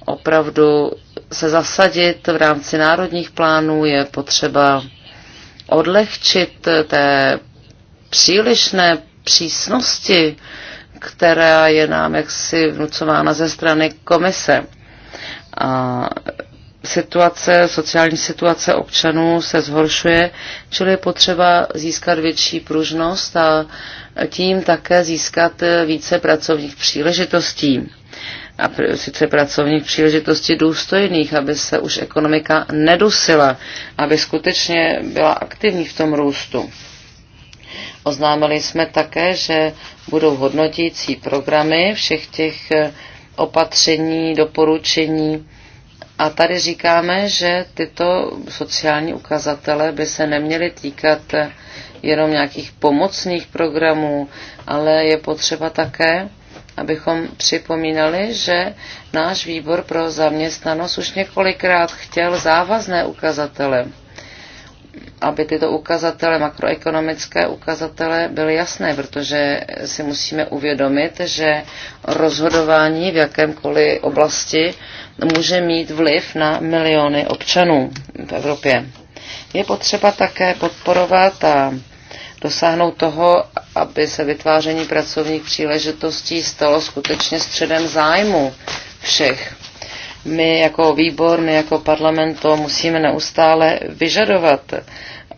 [SPEAKER 4] opravdu se zasadit v rámci národních plánů, je potřeba odlehčit té přílišné přísnosti, která je nám jaksi vnucována ze strany komise. A situace, sociální situace občanů se zhoršuje, čili je potřeba získat větší pružnost a tím také získat více pracovních příležitostí. A sice pracovních příležitostí důstojných, aby se už ekonomika nedusila, aby skutečně byla aktivní v tom růstu. Oznámili jsme také, že budou hodnotící programy všech těch eh, opatření, doporučení. A tady říkáme, že tyto sociální ukazatele by se neměly týkat eh, jenom nějakých pomocných programů, ale je potřeba také, abychom připomínali, že náš výbor pro zaměstnanost už několikrát chtěl závazné ukazatele aby tyto ukazatele, makroekonomické ukazatele byly jasné, protože si musíme uvědomit, že rozhodování v jakémkoliv oblasti může mít vliv na miliony občanů v Evropě. Je potřeba také podporovat a dosáhnout toho, aby se vytváření pracovních příležitostí stalo skutečně středem zájmu všech my jako výbor, my jako parlament to musíme neustále vyžadovat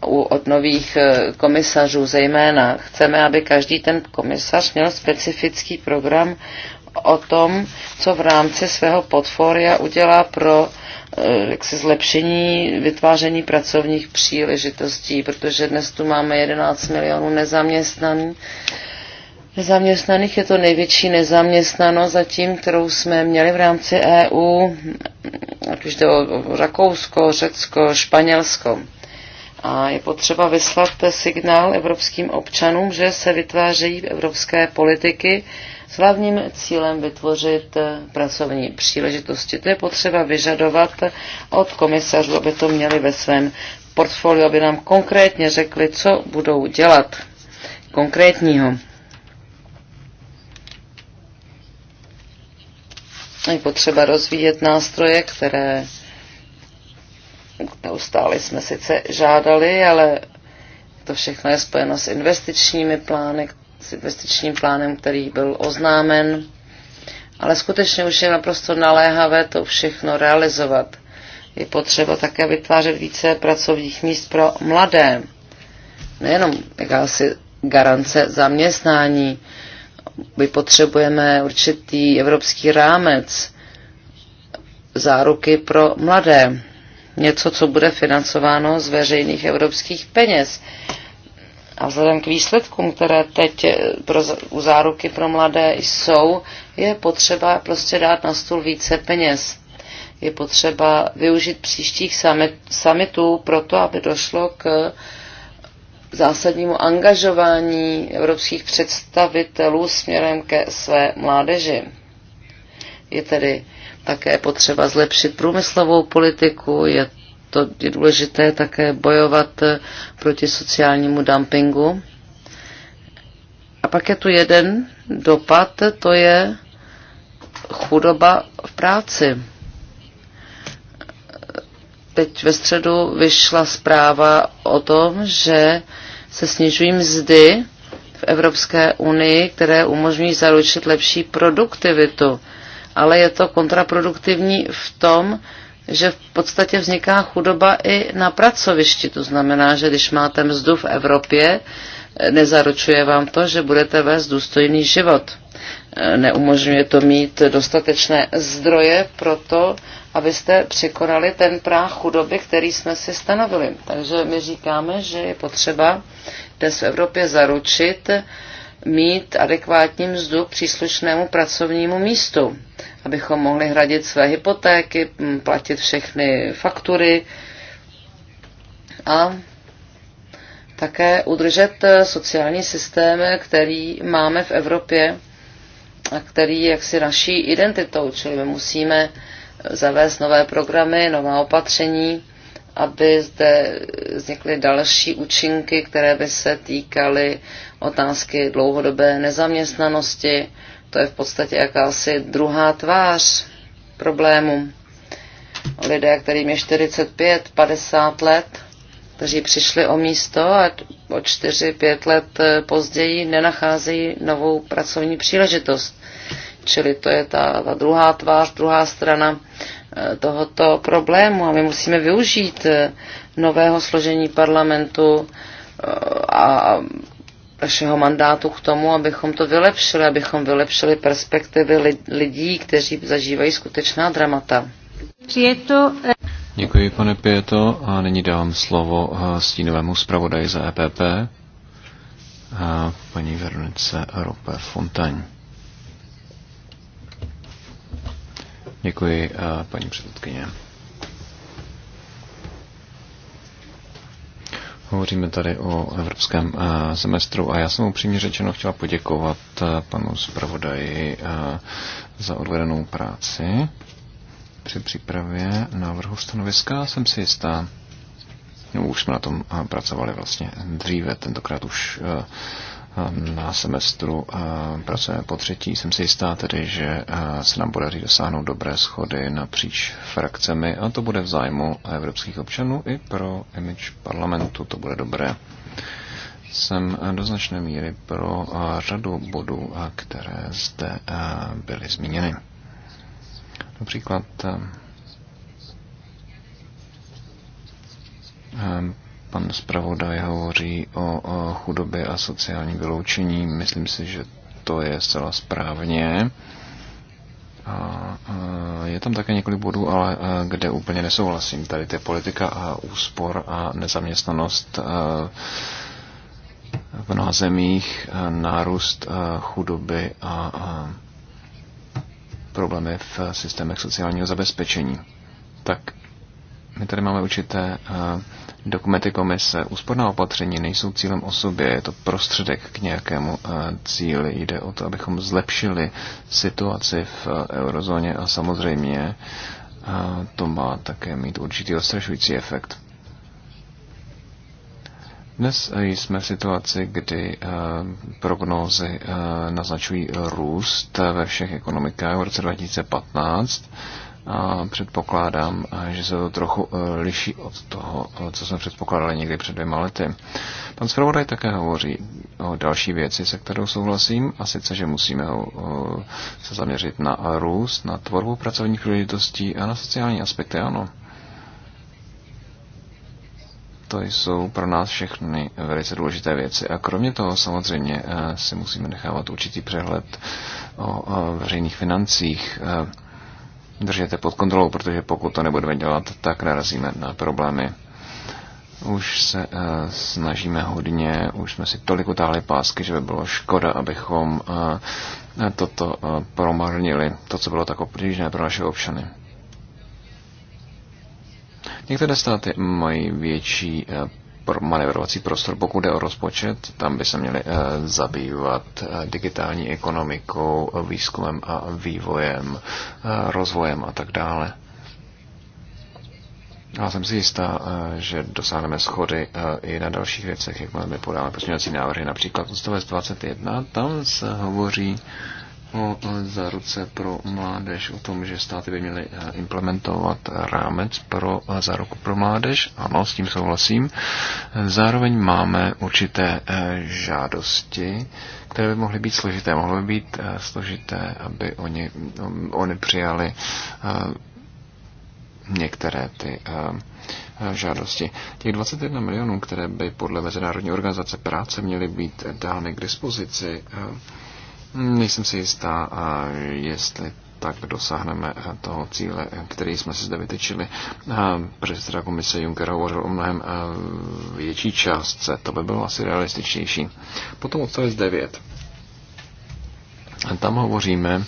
[SPEAKER 4] u, od nových eh, komisařů zejména. Chceme, aby každý ten komisař měl specifický program o tom, co v rámci svého portfolia udělá pro eh, se zlepšení vytváření pracovních příležitostí, protože dnes tu máme 11 milionů nezaměstnaných nezaměstnaných je to největší nezaměstnanost zatím, kterou jsme měli v rámci EU, ať už jde o Rakousko, Řecko, Španělsko. A je potřeba vyslat signál evropským občanům, že se vytvářejí evropské politiky s hlavním cílem vytvořit eh, pracovní příležitosti. To je potřeba vyžadovat od komisařů, aby to měli ve svém portfoliu, aby nám konkrétně řekli, co budou dělat konkrétního. Je potřeba rozvíjet nástroje, které neustále jsme sice žádali, ale to všechno je spojeno s investičními plány, s investičním plánem, který byl oznámen. Ale skutečně už je naprosto naléhavé to všechno realizovat. Je potřeba také vytvářet více pracovních míst pro mladé. Nejenom jakási garance zaměstnání, my potřebujeme určitý evropský rámec záruky pro mladé. Něco, co bude financováno z veřejných evropských peněz. A vzhledem k výsledkům, které teď eh, pro, u záruky pro mladé jsou, je potřeba prostě dát na stůl více peněz. Je potřeba využít příštích summitů pro to, aby došlo k uh, zásadnímu angažování evropských představitelů směrem ke své mládeži. Je tedy také potřeba zlepšit průmyslovou politiku, je to je důležité také bojovat eh, proti sociálnímu dumpingu. A pak je tu jeden dopad, to je chudoba v práci teď ve středu vyšla zpráva o tom, že se snižují mzdy v Evropské unii, které umožňují zaručit lepší produktivitu. Ale je to kontraproduktivní v tom, že v podstatě vzniká chudoba i na pracovišti. To znamená, že když máte mzdu v Evropě, nezaručuje vám to, že budete vést důstojný život. Neumožňuje to mít dostatečné zdroje pro to, abyste překonali ten práh chudoby, který jsme si stanovili. Takže my říkáme, že je potřeba dnes v Evropě zaručit mít adekvátní mzdu k příslušnému pracovnímu místu, abychom mohli hradit své hypotéky, platit všechny faktury a také udržet eh, sociální systém, který máme v Evropě a který je jaksi naší identitou, čili my musíme uh, zavést nové programy, nová opatření, aby zde vznikly další účinky, které by se týkaly otázky dlouhodobé nezaměstnanosti. To je v podstatě jakási druhá tvář problému. Lidé, kterým je 45, 50 let, kteří přišli o místo a o 4-5 let později nenacházejí novou pracovní příležitost. Čili to je ta, ta druhá tvář, druhá strana eh, tohoto problému a my musíme využít eh, nového složení parlamentu eh, a našeho mandátu k tomu, abychom to vylepšili, abychom vylepšili perspektivy lidí, kteří zažívají skutečná dramata. Přijeto.
[SPEAKER 1] Děkuji, pane Pěto, a nyní dávám slovo stínovému zpravodaji za EPP, paní Veronice Roper Fontaň. Děkuji, eh, paní předsedkyně. Hovoříme tady o evropském eh, semestru a já jsem upřímně řečeno chtěla poděkovat eh, panu zpravodaji za odvedenou práci při přípravě návrhu stanoviska. Jsem si jistá, no už jsme na tom pracovali vlastně dříve, tentokrát už Ehm, na semestru ehm, pracujeme po třetí. Jsem si jistá tedy, že eh, se nám podaří dosáhnout dobré schody napříč frakcemi a to bude v zájmu evropských občanů i pro image parlamentu. To bude dobré. Jsem eh, do značné míry pro eh, řadu bodů, které zde byly zmíněny. Například ehm, Pan zpravodaj hovoří o, o chudobě a sociální vyloučení. Myslím si, že to je zcela správně. A, je tam také několik bodů, ale kde úplně nesouhlasím. Tady je politika a úspor a nezaměstnanost v mnoha zemích, nárůst chudoby a problémy v systémech sociálního zabezpečení. Tak my tady máme určité Dokumenty komise úsporná opatření nejsou cílem o sobě, je to prostředek k nějakému eh, cíli. Jde o to, abychom zlepšili situaci v eh, eurozóně a samozřejmě eh, to má také mít určitý odstrašující efekt. Dnes jsme v situaci, kdy prognózy naznačují růst ve všech ekonomikách v roce 2015 a předpokládám, že se to trochu eh, liší od toho, co jsme předpokládali někdy před dvěma lety. Pan Svrvodaj také hovoří o další věci, se kterou souhlasím, a sice, že musíme eh, se zaměřit na růst, na tvorbu pracovních příležitostí a na sociální aspekty, ano. To jsou pro nás všechny velice důležité věci. A kromě toho samozřejmě eh, si musíme nechávat určitý přehled o veřejných financích, držete pod kontrolou, protože pokud to nebudeme dělat, tak narazíme na problémy. Už se e, snažíme hodně, už jsme si tolik utáhli pásky, že by bylo škoda, abychom e, toto e, promarnili, to, co bylo tak obtížné pro naše občany. Některé státy mají větší manevrovací prostor, pokud jde o rozpočet. Tam by se měli eh, zabývat eh, digitální ekonomikou, výzkumem a vývojem, eh, rozvojem a tak dále. Já jsem si jistá, že dosáhneme schody i na dalších věcech, jakmile my podáme pozměňovací návrhy, například odstavec 21. Tam se hovoří o e, záruce pro mládež, o tom, že státy by měly e, implementovat rámec pro e, záruku pro mládež. Ano, s tím souhlasím. Zároveň máme určité žádosti, které by mohly být složité. Mohlo by být složité, aby oni, mm, oni přijali některé ty žádosti. Těch 21 milionů, které by podle Mezinárodní organizace práce měly být dány k dispozici, Nejsem si jistá, jestli tak dosáhneme toho cíle, který jsme si zde vytyčili. Předseda komise Juncker hovořil o mnohem větší částce, to by bylo asi realističtější. Potom odstavec 9. Tam hovoříme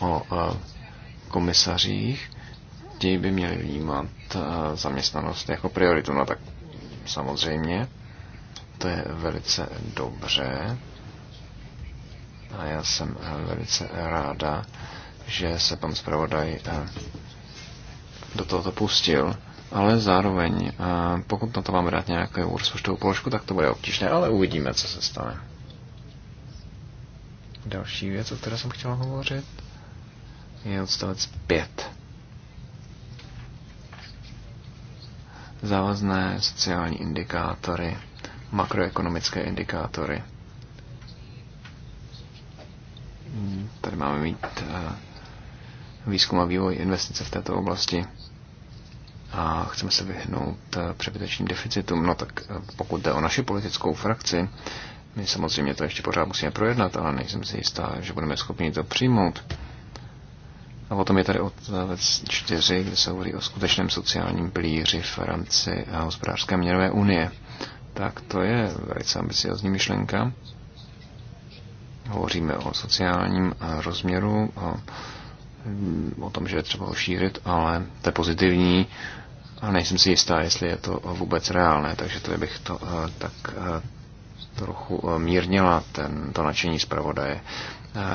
[SPEAKER 1] o komisařích, ti by měli vnímat zaměstnanost jako prioritu. No tak samozřejmě, to je velice dobře a já jsem eh, velice eh, ráda, že se pan zpravodaj eh, do tohoto pustil, ale zároveň, pokud na to máme dát nějakou rozpočtovou položku, tak to bude obtížné, ale uvidíme, co se stane. Další věc, o které jsem chtěl hovořit, je odstavec 5. Závazné sociální indikátory, makroekonomické indikátory tady máme mít eh, výzkum a vývoj investice v této oblasti a chceme se vyhnout eh, přebytečným deficitům. No tak eh, pokud jde o naši politickou frakci, my samozřejmě to ještě pořád musíme projednat, ale nejsem si jistá, že budeme schopni to přijmout. A o tom je tady odstavec 4, kde se hovoří o skutečném sociálním plíři v rámci hospodářské měnové unie. Tak to je velice ambiciozní myšlenka. Hovoříme o sociálním eh, rozměru, o, o tom, že je třeba ho šířit, ale to je pozitivní a nejsem si jistá, jestli je to vůbec reálné, takže to bych to eh, tak eh, trochu mírnila ten, to nadšení zpravodaje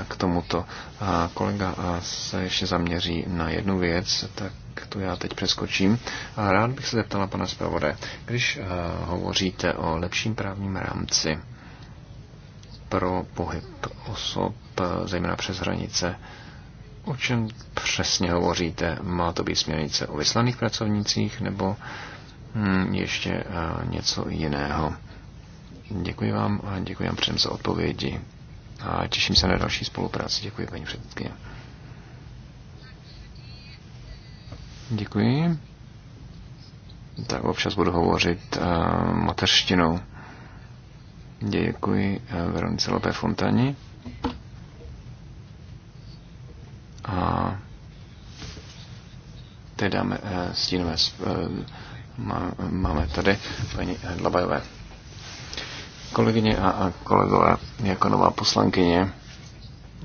[SPEAKER 1] k tomuto. A kolega se ještě zaměří na jednu věc, tak to já teď přeskočím. A rád bych se zeptala pana zpravodaje, když hovoříte o lepším právním rámci, pro pohyb osob, zejména přes hranice. O čem přesně hovoříte? Má to být směrnice o vyslaných pracovnících nebo hm, ještě eh, něco jiného? Děkuji vám a děkuji vám předem za odpovědi a těším se na další spolupráci. Děkuji, paní předsedkyně. Děkuji. Tak občas budu hovořit uh, mateřštinou. Děkuji eh, Veronice Lopé Fontani. A teď dáme eh, stínové, eh, máme tady paní Dlabajové. Kolegyně a kolegové, jako nová poslankyně,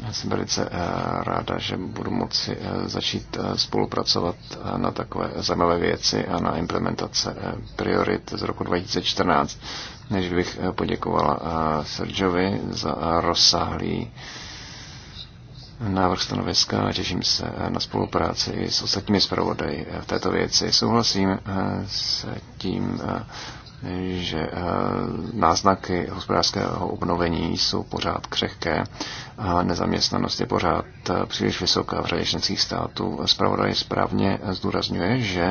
[SPEAKER 1] já jsem velice eh, ráda, že budu moci eh, začít eh, spolupracovat na takové zajímavé věci a na implementace priorit z roku 2014. Než bych poděkovala Sergiovi za rozsáhlý návrh stanoviska a těším se na spolupráci s ostatními zpravodaji v této věci. Souhlasím s tím že eh, náznaky hospodářského obnovení jsou pořád křehké a nezaměstnanost je pořád eh, příliš vysoká v řadě členských států. Spravodaj správně zdůrazňuje, že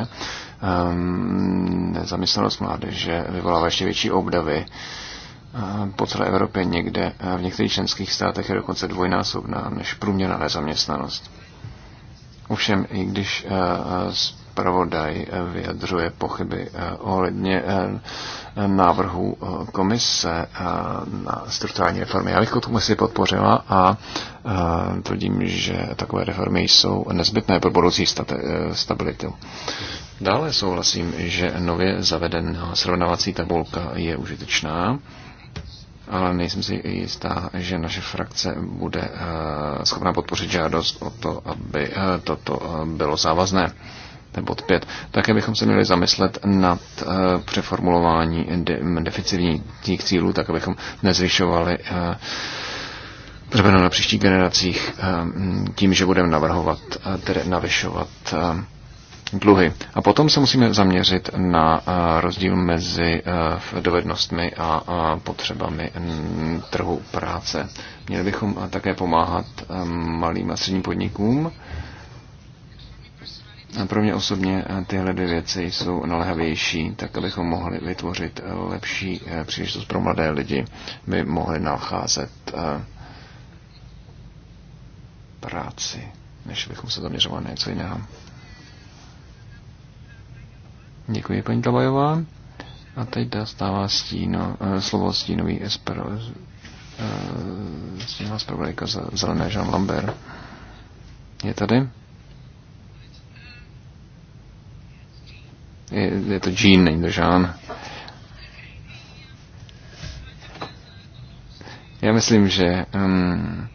[SPEAKER 1] ehm, nezaměstnanost mládeže vyvolává ještě větší obdavy eh, po celé Evropě někde. V některých členských státech je dokonce dvojnásobná než průměrná nezaměstnanost. Ovšem, i když zpravodaj eh, vyjadřuje pochyby eh, ohledně eh, návrhu komise na strukturální reformy. Já bych tu komisi podpořila a tvrdím, že takové reformy jsou nezbytné pro budoucí stabilitu. Dále souhlasím, že nově zavedená srovnávací tabulka je užitečná ale nejsem si jistá, že naše frakce bude schopná podpořit žádost o to, aby toto bylo závazné ten bod 5. Také bychom se měli zamyslet nad eh, přeformulování deficitních cílů, tak abychom nezvyšovali eh, břemeno na příštích generacích eh, tím, že budeme navrhovat, tedy navyšovat dluhy. A potom se musíme zaměřit na rozdíl mezi dovednostmi a potřebami trhu práce. Měli bychom také pomáhat malým a středním podnikům pro mě osobně eh, tyhle dvě věci jsou naléhavější, tak abychom mohli vytvořit eh, lepší eh, příležitost pro mladé lidi, by mohli nacházet práci, než bychom se zaměřovali na něco jiného. Děkuji, paní Tabajová. A teď dostává stíno, slovo stínový espero, stínová zpravodajka zelené Jean Lambert. Je tady? Je to Jean, není to Jean. Já myslím, že um,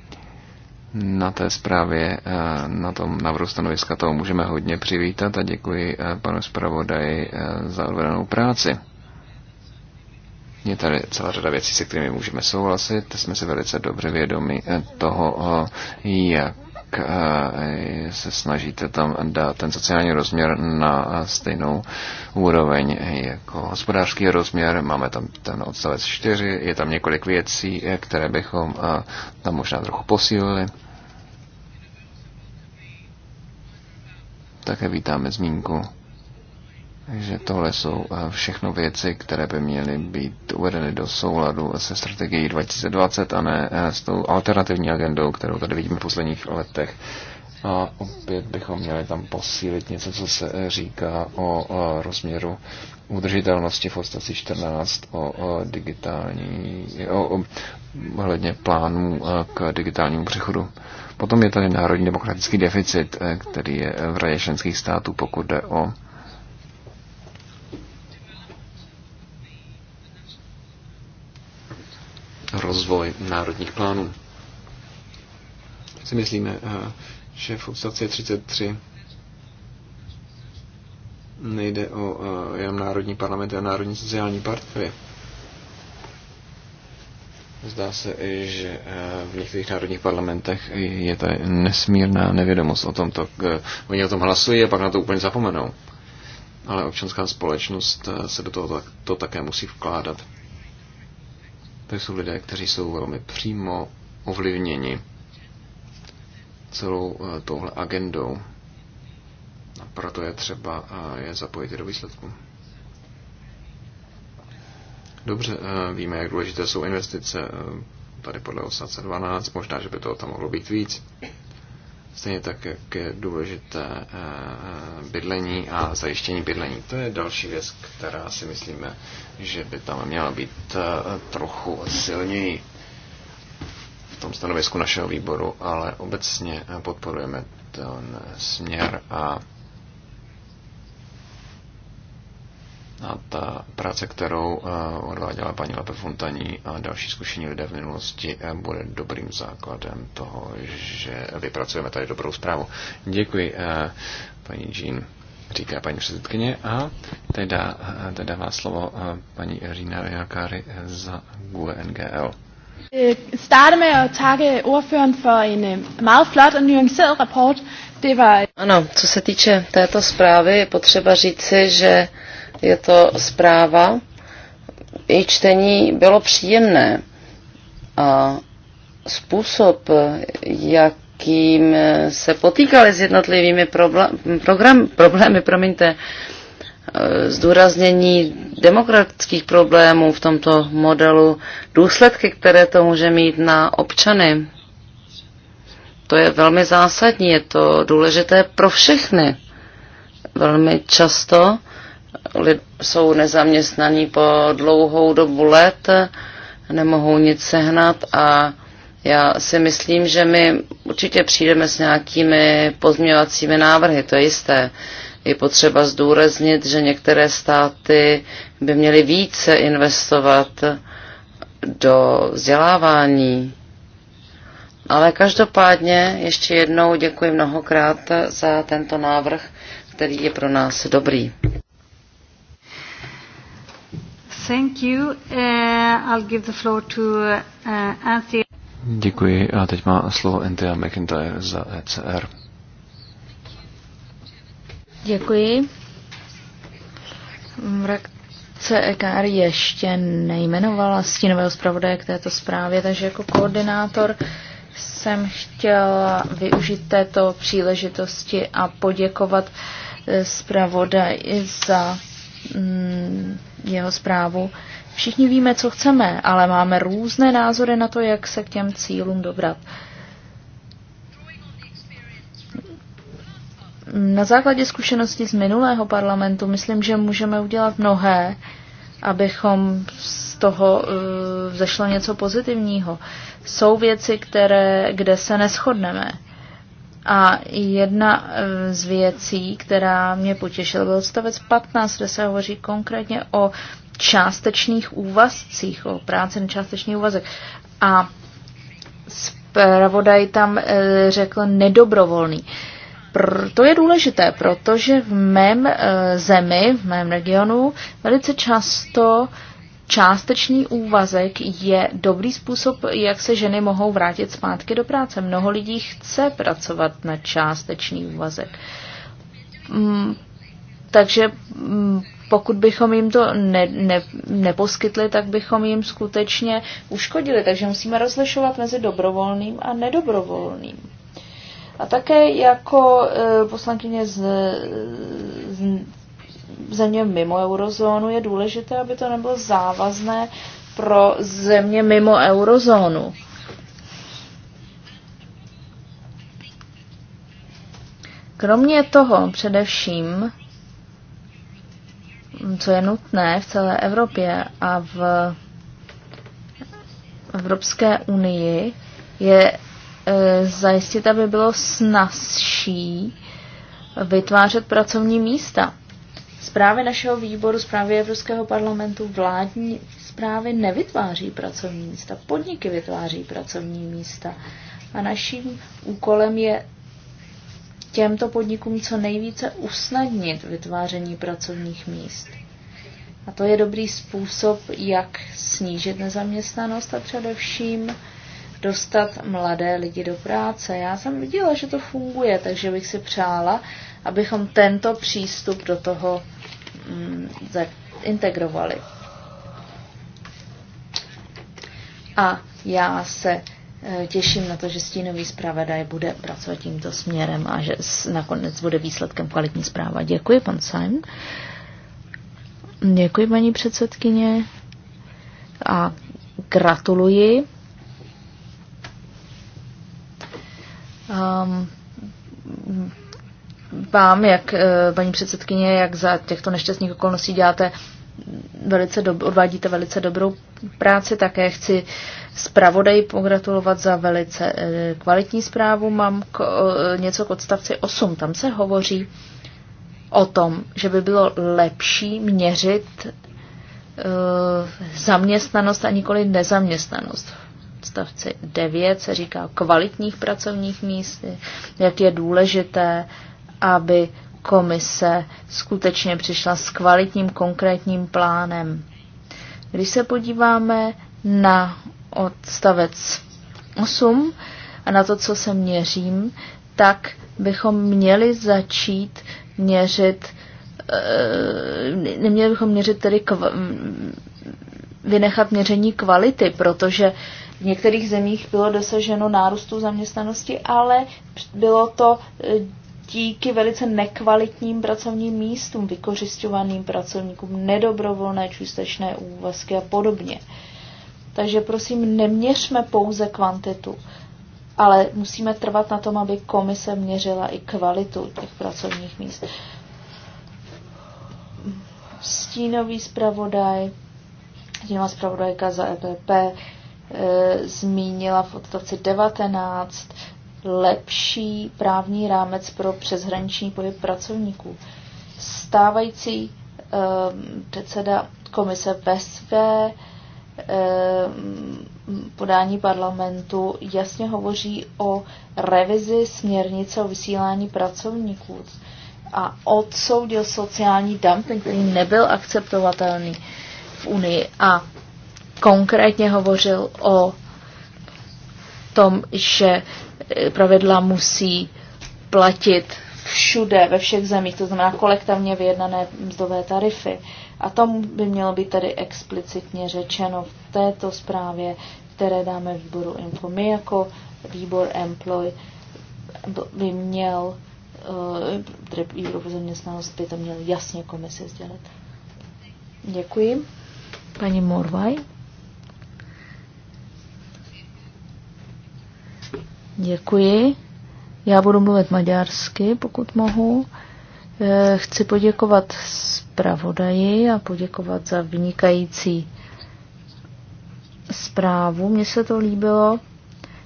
[SPEAKER 1] na té zprávě, uh, na tom návrhu stanoviska toho můžeme hodně přivítat a děkuji uh, panu zpravodaji uh, za odvedenou práci. Je tady celá řada věcí, se kterými můžeme souhlasit. Jsme si velice dobře vědomi toho, jak Eh, se snažíte tam dát ten sociální rozměr na stejnou úroveň jako hospodářský rozměr. Máme tam ten odstavec 4, je tam několik věcí, eh, které bychom eh, tam možná trochu posílili. Také vítáme zmínku takže tohle jsou eh, všechno věci, které by měly být uvedeny do souladu se strategií 2020 a ne eh, s tou alternativní agendou, kterou tady vidíme v posledních letech. A opět bychom měli tam posílit něco, co se eh, říká o rozměru udržitelnosti v odstavci 14, o, o digitální, o, o hledně plánů k digitálnímu přechodu. Potom je tady národní demokratický deficit, který je v radě členských států, pokud jde o rozvoj národních plánů. Si myslíme, eh, že v odstavci 33 nejde o eh, jenom národní parlamenty a národní sociální partie. Zdá se, že eh, v některých národních parlamentech je ta nesmírná nevědomost o tom to Oni o tom hlasují a pak na to úplně zapomenou. Ale občanská společnost se do toho to také musí vkládat. To jsou lidé, kteří jsou velmi přímo ovlivněni celou eh, touhle agendou. A proto je třeba eh, je zapojit i do výsledku. Dobře, eh, víme, jak důležité jsou investice tady podle OSACE 12, možná, že by toho tam mohlo být víc stejně tak jak je důležité eh, bydlení a zajištění bydlení. To je další věc, která si myslíme, že by tam měla být eh, trochu silněji v tom stanovisku našeho výboru, ale obecně eh, podporujeme ten směr a a ta práce, kterou eh, odváděla paní Lepe Fontaní a další zkušení lidé v minulosti, eh, bude dobrým základem toho, že vypracujeme tady dobrou zprávu. Děkuji, eh, paní Jean, říká paní předsedkyně. A teda, teda má slovo paní Rina Jakary za GUE NGL. Øh, starte med at takke ordføreren for en øh, meget flot og nuanceret rapport. Det var...
[SPEAKER 4] Ano, co se týče této zprávy, je potřeba říci, že je to zpráva. I čtení bylo příjemné a způsob, jakým se potýkali s jednotlivými program, problémy, promiňte, e, zdůraznění demokratických problémů v tomto modelu, důsledky, které to může mít na občany. To je velmi zásadní, je to důležité pro všechny. Velmi často jsou nezaměstnaní po dlouhou dobu let, nemohou nic sehnat a já si myslím, že my určitě přijdeme s nějakými pozměvacími návrhy, to je jisté. Je potřeba zdůraznit, že některé státy by měly více investovat do vzdělávání. Ale každopádně ještě jednou děkuji mnohokrát za tento návrh, který je pro nás dobrý.
[SPEAKER 2] Thank you. Uh, I'll give the floor to uh, Anthea.
[SPEAKER 1] Děkuji a teď má slovo Anthea McIntyre za ECR.
[SPEAKER 3] Děkuji. Frakce EKR ještě nejmenovala stínového zpravodaje k této zprávě, takže jako koordinátor jsem chtěla využít této příležitosti a poděkovat eh, zpravodaji za mm, jeho zprávu. Všichni víme, co chceme, ale máme různé názory na to, jak se k těm cílům dobrat. Na základě zkušenosti z minulého parlamentu myslím, že můžeme udělat mnohé, abychom z toho uh, eh, zešlo něco pozitivního. Jsou věci, které, kde se neschodneme. A jedna e, z věcí, která mě potěšila, byl stavec 15, kde se hovoří konkrétně o částečných úvazcích, o práci na částečný úvazek. A zpravodaj tam e, řekl nedobrovolný. To je důležité, protože v mém e, zemi, v mém regionu, velice často uh, Částečný úvazek je dobrý způsob, jak se ženy mohou vrátit zpátky do práce. Mnoho lidí chce pracovat na částečný úvazek. Mm, takže mm, pokud bychom jim to ne, ne, neposkytli, tak bychom jim skutečně uškodili. Takže musíme rozlišovat mezi dobrovolným a nedobrovolným. A také jako e, poslankyně z, z země mimo eurozónu, je důležité, aby to nebylo závazné pro země mimo eurozónu. Kromě toho především, co je nutné v celé Evropě a v Evropské unii, je e, zajistit, aby bylo snazší vytvářet pracovní místa. Zprávy našeho výboru, zprávy Evropského parlamentu, vládní zprávy nevytváří pracovní místa, podniky vytváří pracovní místa. A naším úkolem je těmto podnikům co nejvíce usnadnit vytváření pracovních míst. A to je dobrý způsob, jak snížit nezaměstnanost a především dostat mladé lidi do práce. Já jsem viděla, že to funguje, takže bych si přála, abychom tento přístup do toho mm, integrovali. A já se eh, těším na to, že stínový zpravodaj bude pracovat tímto směrem a že nakonec bude výsledkem kvalitní zpráva. Děkuji, pan Simon. Děkuji, paní předsedkyně. A gratuluji Um, vám, jak eh, paní předsedkyně, jak za těchto nešťastných okolností děláte velice dob- odvádíte velice dobrou práci. Také chci zpravodaji pogratulovat za velice eh, kvalitní zprávu. Mám k, něco k odstavci 8. Tam se hovoří o tom, že by bylo lepší měřit eh, zaměstnanost a nikoli nezaměstnanost odstavci 9 se říká kvalitních pracovních míst, jak je důležité, aby komise skutečně přišla s kvalitním konkrétním plánem. Když se podíváme na odstavec 8 a na to, co se měřím, tak bychom měli začít měřit, eh, neměli bychom měřit tedy kva, vynechat měření kvality, protože v některých zemích bylo dosaženo nárůstu zaměstnanosti, ale bylo to e, díky velice nekvalitním pracovním místům, vykořišťovaným pracovníkům, nedobrovolné čistečné úvazky a podobně. Takže prosím, neměřme pouze kvantitu, ale musíme trvat na tom, aby komise měřila i kvalitu těch pracovních míst. Stínový zpravodaj, stínová zpravodajka za EPP, Eh, zmínila v odstavci 19 lepší právní rámec pro přeshraniční pohyb pracovníků. Stávající eh, předseda komise ve své eh, podání parlamentu jasně hovoří o revizi směrnice o vysílání pracovníků a odsoudil sociální dumping, který nebyl akceptovatelný v Unii. A konkrétně hovořil o tom, že e, pravidla musí platit všude, ve všech zemích, to znamená kolektivně vyjednané mzdové tarify. A to by mělo být tady explicitně řečeno v této zprávě, které dáme výboru Info. My jako výbor Employ by měl, výboru e, výbor pro zaměstnanost by to měl jasně komisi sdělit. Děkuji. Paní Morvaj. Děkuji. Já budu mluvit maďarsky, pokud mohu. Eh, chci poděkovat zpravodaji a poděkovat za vynikající zprávu. Mně se to líbilo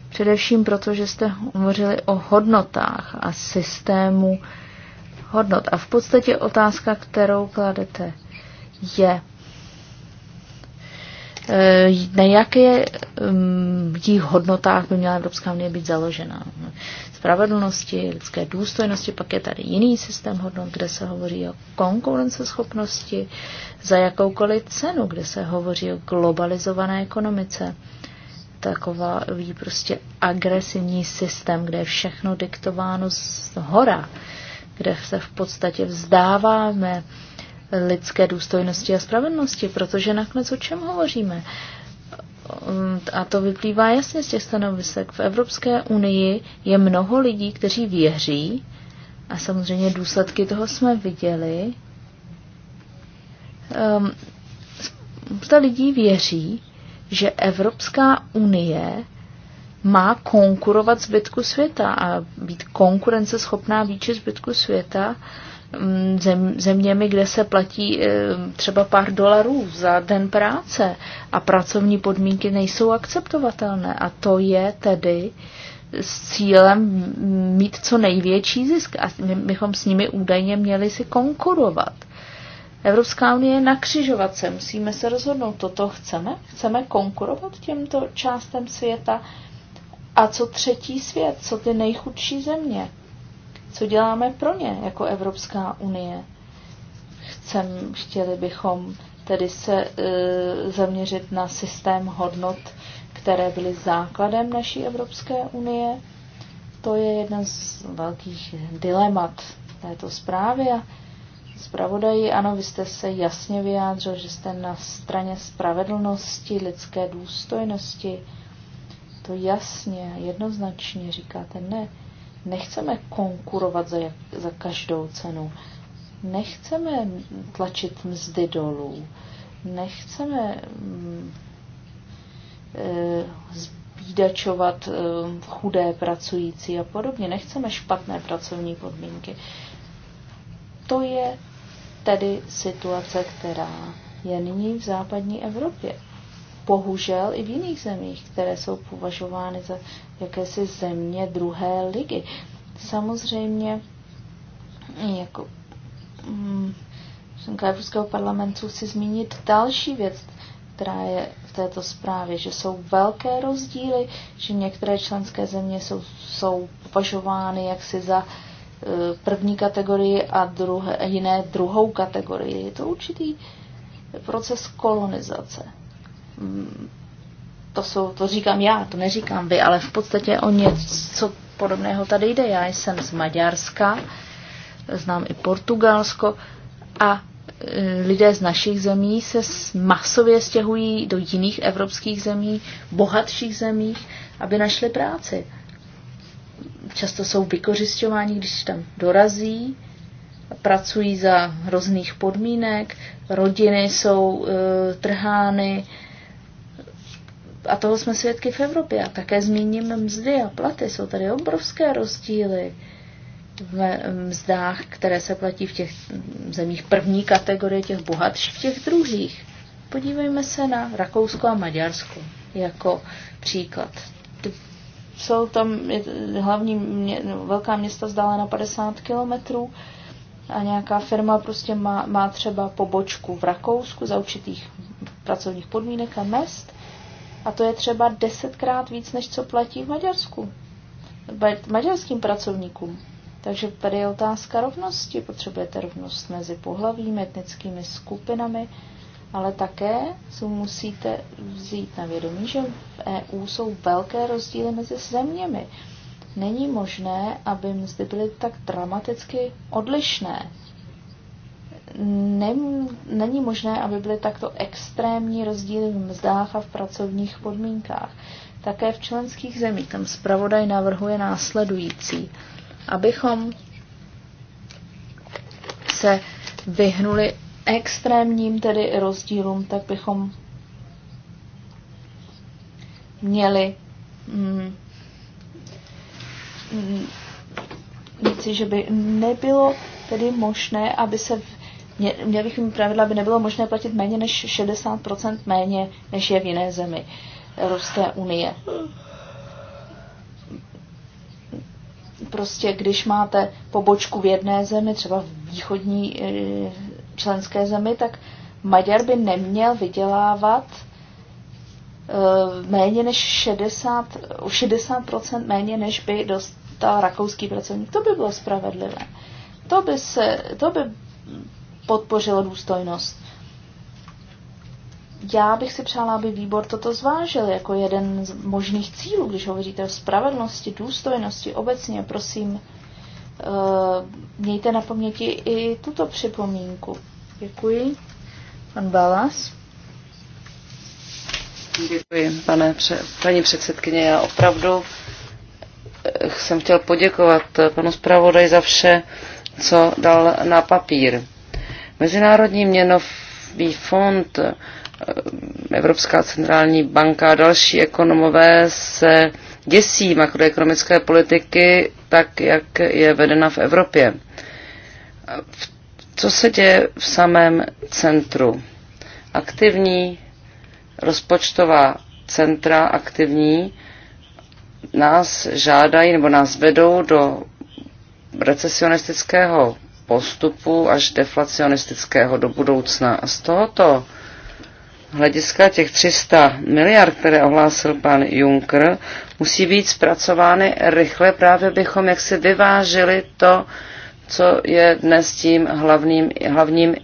[SPEAKER 3] především proto, že jste hovořili o hodnotách a systému hodnot. A v podstatě otázka, kterou kladete, je, Eh, na jaké těch hodnotách by měla Evropská unie být založena? Spravedlnosti, lidské důstojnosti, pak je tady jiný systém hodnot, kde se hovoří o konkurenceschopnosti za jakoukoliv cenu, kde se hovoří o globalizované ekonomice taková prostě agresivní systém, kde je všechno diktováno z hora, kde se v podstatě vzdáváme lidské důstojnosti a spravedlnosti, protože nakonec o čem hovoříme? A to vyplývá jasně z těch stanovisek. V Evropské unii je mnoho lidí, kteří věří, a samozřejmě důsledky toho jsme viděli. Ehm, spousta lidí věří, že Evropská unie má konkurovat zbytku světa a být konkurenceschopná vůči zbytku světa Mm, zem, zeměmi, kde se platí eh, třeba pár dolarů za den práce a pracovní podmínky nejsou akceptovatelné. A to je tedy s cílem mít co největší zisk a my bychom s nimi údajně měli si konkurovat. Evropská unie je na křižovatce, musíme se rozhodnout, toto chceme, chceme konkurovat těmto částem světa a co třetí svět, co ty nejchudší země co děláme pro ně jako Evropská unie. Chcem, chtěli bychom tedy se e, zaměřit na systém hodnot, které byly základem naší Evropské unie. To je jedna z velkých dilemat této zprávy. A zpravodaji, ano, vy jste se jasně vyjádřil, že jste na straně spravedlnosti, lidské důstojnosti. To jasně, jednoznačně říkáte ne Nechceme konkurovat za, za každou cenu. Nechceme tlačit mzdy dolů. Nechceme mm, e, zbídačovat e, chudé pracující a podobně. Nechceme špatné pracovní podmínky. To je tedy situace, která je nyní v západní Evropě bohužel i v jiných zemích, které jsou považovány za jakési země druhé ligy. Samozřejmě, jako mm, členka Evropského parlamentu chci zmínit další věc, která je v této zprávě, že jsou velké rozdíly, že některé členské země jsou, jsou považovány jaksi za e, první kategorii a druhé, jiné druhou kategorii. Je to určitý proces kolonizace to, jsou, to říkám já, to neříkám vy, ale v podstatě o něco podobného tady jde. Já jsem z Maďarska, znám i Portugalsko a e, lidé z našich zemí se masově stěhují do jiných evropských zemí, bohatších zemí, aby našli práci. Často jsou vykořišťováni, když tam dorazí, pracují za hrozných podmínek, rodiny jsou e, trhány, e, a toho jsme svědky v Evropě. A také zmíním mzdy a platy. Jsou tady obrovské rozdíly v mzdách, které se platí v těch zemích první kategorie, těch bohatších, v těch druhých. Podívejme se na Rakousko a Maďarsko jako příklad. Jsou tam hlavní mě, no, velká města vzdálená 50 kilometrů a nějaká firma prostě má, má třeba pobočku v Rakousku za určitých pracovních podmínek a mest a to je třeba desetkrát víc, než co platí v Maďarsku. Maďarským pracovníkům. Takže tady je otázka rovnosti. Potřebujete rovnost mezi pohlavími, etnickými skupinami, ale také si musíte vzít na vědomí, že v EU jsou velké rozdíly mezi zeměmi. Není možné, aby mzdy byly tak dramaticky odlišné nem, není možné, aby byly takto extrémní rozdíly v mzdách a v pracovních podmínkách. Také v členských zemích. Tam zpravodaj navrhuje následující. Abychom se vyhnuli extrémním tedy rozdílům, tak bychom měli mm, mm říci, že by nebylo tedy možné, aby se v mě, měli bychom pravidla, aby nebylo možné platit méně než 60% méně, než je v jiné zemi Evropské unie. Prostě když máte pobočku v jedné zemi, třeba v východní eh, členské zemi, tak Maďar by neměl vydělávat eh, méně než 60, 60% méně, než by dostal rakouský pracovník. To by bylo spravedlivé. To by, se, to by podpořilo důstojnost. Já bych si přála, aby výbor toto zvážil jako jeden z možných cílů, když hovoříte o spravedlnosti, důstojnosti obecně. Prosím, eh, mějte na paměti i tuto připomínku. Děkuji. Pan Balas.
[SPEAKER 4] Děkuji, pane, paní předsedkyně. Já opravdu eh, jsem chtěl poděkovat panu zpravodaj za vše, co dal na papír. Mezinárodní měnový fond, eh, Evropská centrální banka a další ekonomové se děsí makroekonomické politiky tak, jak je vedena v Evropě. Co se děje v samém centru? Aktivní rozpočtová centra, aktivní, nás žádají nebo nás vedou do recesionistického postupu až deflacionistického do budoucna. A z tohoto hlediska těch 300 miliard, které ohlásil pan Juncker, musí být zpracovány rychle, právě bychom jaksi vyvážili to, co je dnes tím hlavním, hlavním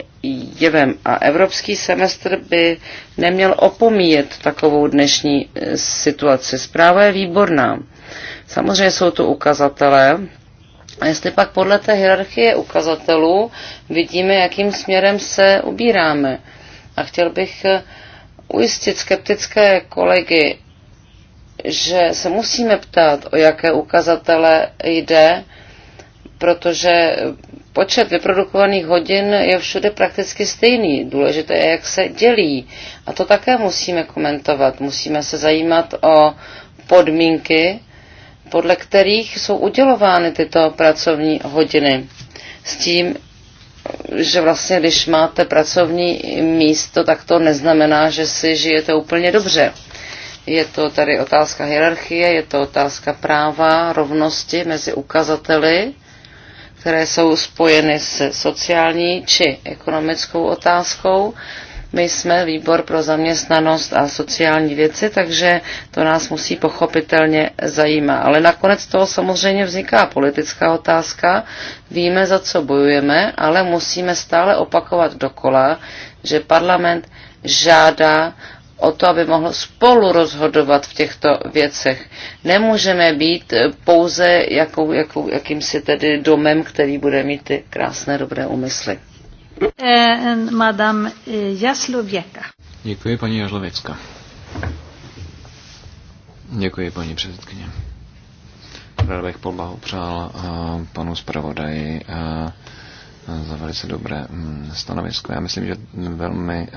[SPEAKER 4] jevem. A evropský semestr by neměl opomíjet takovou dnešní eh, situaci. Zpráva je výborná. Samozřejmě jsou tu ukazatele, a jestli pak podle té hierarchie ukazatelů vidíme, jakým směrem se ubíráme. A chtěl bych eh, ujistit skeptické kolegy, že se musíme ptát, o jaké ukazatele jde, protože počet vyprodukovaných hodin je všude prakticky stejný. Důležité je, jak se dělí. A to také musíme komentovat. Musíme se zajímat o podmínky, podle kterých jsou udělovány tyto pracovní hodiny. S tím, že vlastně když máte pracovní místo, tak to neznamená, že si žijete úplně dobře. Je to tady otázka hierarchie, je to otázka práva, rovnosti mezi ukazateli, které jsou spojeny s sociální či ekonomickou otázkou. My jsme výbor pro zaměstnanost a sociální věci, takže to nás musí pochopitelně zajímat. Ale nakonec toho samozřejmě vzniká politická otázka. Víme, za co bojujeme, ale musíme stále opakovat dokola, že parlament žádá o to, aby mohl spolu rozhodovat v těchto věcech. Nemůžeme být pouze jakou, jakou, jakýmsi tedy domem, který bude mít ty krásné dobré úmysly.
[SPEAKER 2] Eh, Madam eh, Jaslověka.
[SPEAKER 1] Děkuji, paní Jaslověcka. Děkuji, paní předsedkyně. Rád bych poblahopřál eh, panu zpravodaji za velice dobré hm, stanovisko. Já myslím, že velmi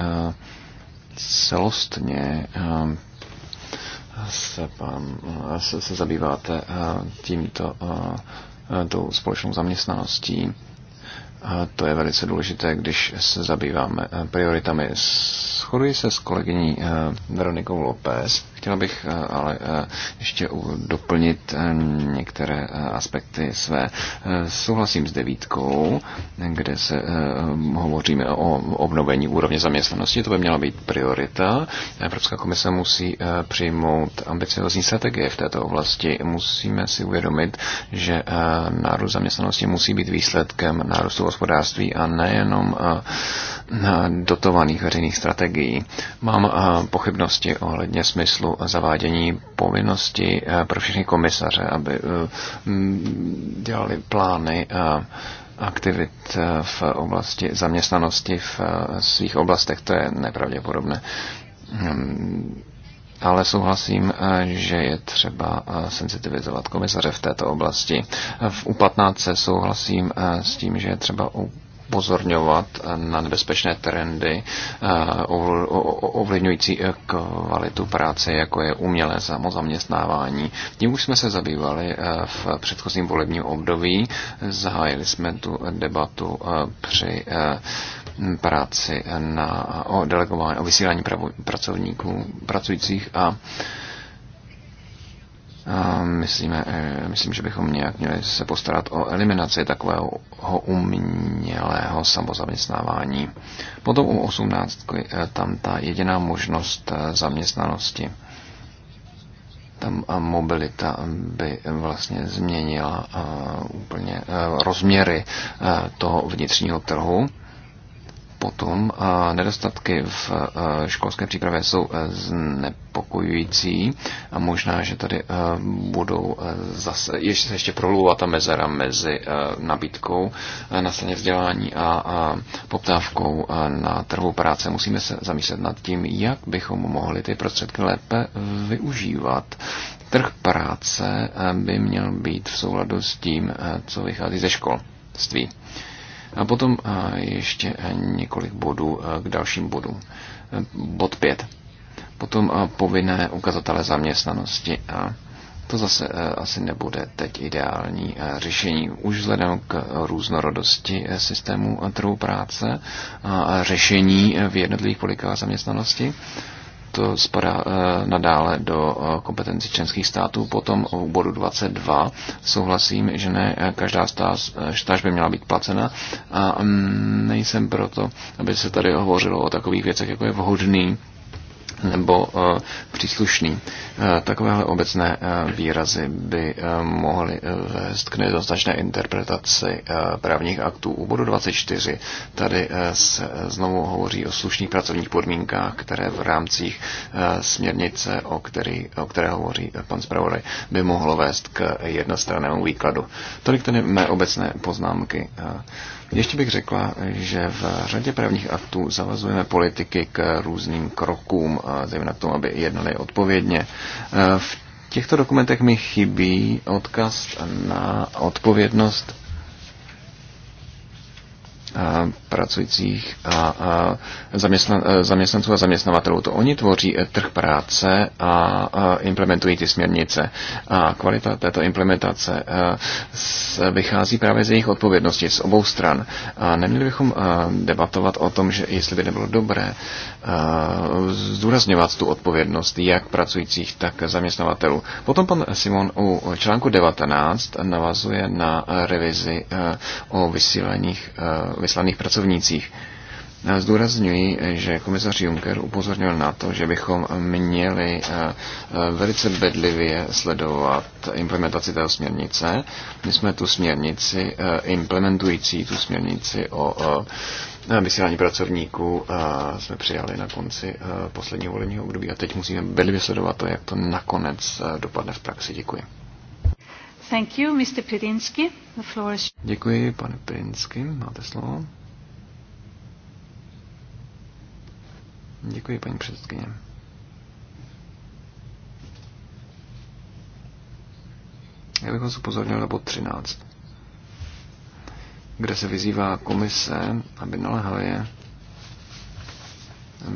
[SPEAKER 1] celostně se, pan, se, se zabýváte tímto tou společnou zaměstnaností a to je velice důležité, když se zabýváme eh, prioritami. Schoduji se s kolegyní eh, Veronikou López Chtěla bych eh, ale eh, ještě doplnit eh, některé aspekty své. Souhlasím s devítkou, kde se hovoříme o obnovení úrovně zaměstnanosti. To by měla být priorita. Evropská komise musí přijmout ambiciozní strategie v této oblasti. Musíme si uvědomit, že nárůst zaměstnanosti musí být výsledkem nárůstu hospodářství a nejenom dotovaných veřejných strategií. Mám pochybnosti ohledně smyslu zavádění povinnosti eh, pro všechny komisaře, aby eh, dělali plány eh, aktivit v oblasti zaměstnanosti v svých oblastech. To je nepravděpodobné. Hmm. Ale souhlasím, že je třeba sensitivizovat komisaře v této oblasti. V U15 souhlasím s tím, že je třeba upozorňovat na nebezpečné trendy eh, ovlivňující eh, kvalitu práce, jako je umělé samozaměstnávání. Tím už jsme se zabývali eh, v předchozím volebním období. Zahájili jsme tu debatu při práci na, o delegování, o vysílání pravo, pracovníků, pracujících a a myslíme, eh, myslím, že bychom nějak měli se postarat o eliminaci takového umělého samozaměstnávání. Potom u 18 eh, tam ta jediná možnost eh, zaměstnanosti, tam mobilita by vlastně změnila úplně rozměry toho vnitřního trhu potom a nedostatky v e, školské přípravě jsou e, znepokojující a možná, že tady e, budou zase, ještě se ještě prolouvat ta mezera mezi nabídkou na straně vzdělání a poptávkou na trhu práce. Musíme se zamyslet nad tím, jak bychom mohli ty prostředky lépe využívat. Trh práce by měl být v souladu s tím, co vychází ze školství. A potom ještě e, několik bodů e, k dalším bodům. E, bod 5. Potom povinné ukazatele zaměstnanosti. A to zase asi nebude teď ideální řešení. Už vzhledem k různorodosti systému trhu práce a řešení v jednotlivých politikách zaměstnanosti to spadá eh, nadále do eh, kompetenci členských států. Potom u bodu 22 souhlasím, že ne každá stáž, eh, stáž by měla být placena a mm, nejsem proto, aby se tady hovořilo o takových věcech, jako je vhodný nebo eh, příslušný. Eh, takovéhle obecné eh, výrazy by mohly vést k nedostatečné interpretaci právních aktů. U bodu 24 tady se znovu hovoří o slušných pracovních podmínkách, které v rámcích směrnice, o, který, o které hovoří pan zpravodaj, by mohlo vést k jednostrannému výkladu. Tolik tedy mé obecné poznámky. Ještě bych řekla, že v řadě právních aktů zavazujeme politiky k různým krokům, zejména k tomu, aby jednali odpovědně. V těchto dokumentech mi chybí odkaz na odpovědnost pracujících a e, zaměstnanců a zaměstnavatelů. To oni tvoří e, trh práce a implementují ty směrnice. A kvalita této implementace e, vychází právě z jejich odpovědnosti z obou stran. A neměli bychom debatovat o tom, že jestli by nebylo dobré zdůrazňovat tu odpovědnost jak pracujících, tak zaměstnavatelů. Potom pan Simon u článku 19 navazuje na revizi o vysíleních vyslaných pracovnících. Zdůrazňuji, že komisař Juncker upozornil na to, že bychom měli eh, eh, velice bedlivě sledovat implementaci té směrnice. My jsme tu směrnici eh, implementující tu směrnici o vysílání pracovníků jsme přijali na konci posledního volebního období a teď musíme bedlivě sledovat to, jak to nakonec dopadne v praxi. Děkuji.
[SPEAKER 2] Thank you, Mr. Pirinsky. The floor is...
[SPEAKER 1] Děkuji, pane Pirinsky. Máte slovo. Děkuji, paní předsedkyně. Já bych vás upozornil na bod 13, kde se vyzývá komise, aby naléhavě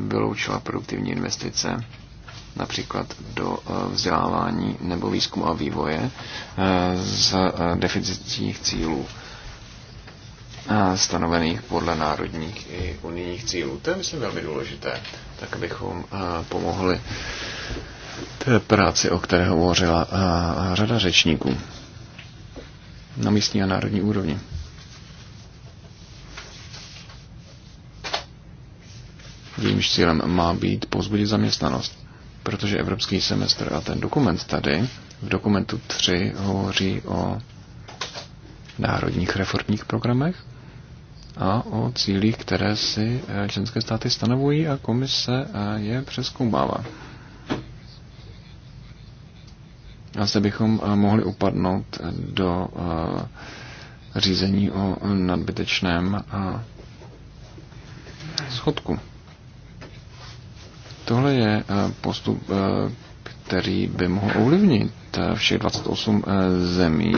[SPEAKER 1] vyloučila produktivní investice například do eh, vzdělávání nebo výzkumu a vývoje eh, z eh, deficitních cílů stanovených podle národních i unijních cílů. To je, myslím, velmi důležité, tak abychom pomohli té práci, o které hovořila řada řečníků na místní a národní úrovni. Jejímž cílem má být pozbudit zaměstnanost protože evropský semestr a ten dokument tady, v dokumentu 3 hovoří o národních reformních programech a o cílích, které si eh, členské státy stanovují a komise eh, je přeskoumává. A zde bychom eh, mohli upadnout do řízení o nadbytečném schodku. Tohle je eh, postup, eh, který by mohl ovlivnit eh, všech 28 zemí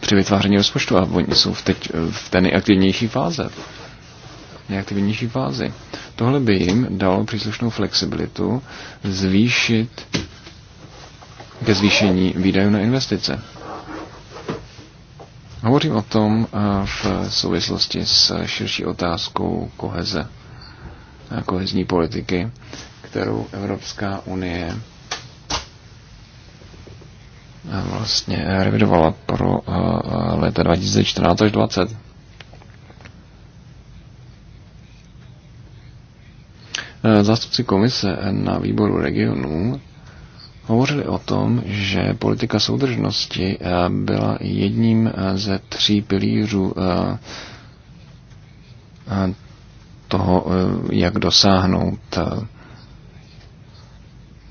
[SPEAKER 1] při vytváření rozpočtu a oni jsou v teď v té nejaktivnější fáze. Nejaktivnější fázi. Tohle by jim dalo příslušnou flexibilitu zvýšit ke zvýšení výdajů na investice. Hovořím o tom v souvislosti s širší otázkou koheze kohezní politiky, kterou Evropská unie eh, vlastně eh, revidovala pro eh, léta 2014 až 2020. Zástupci komise na výboru regionů hovořili o tom, že politika soudržnosti byla jedním ze tří pilířů toho, jak dosáhnout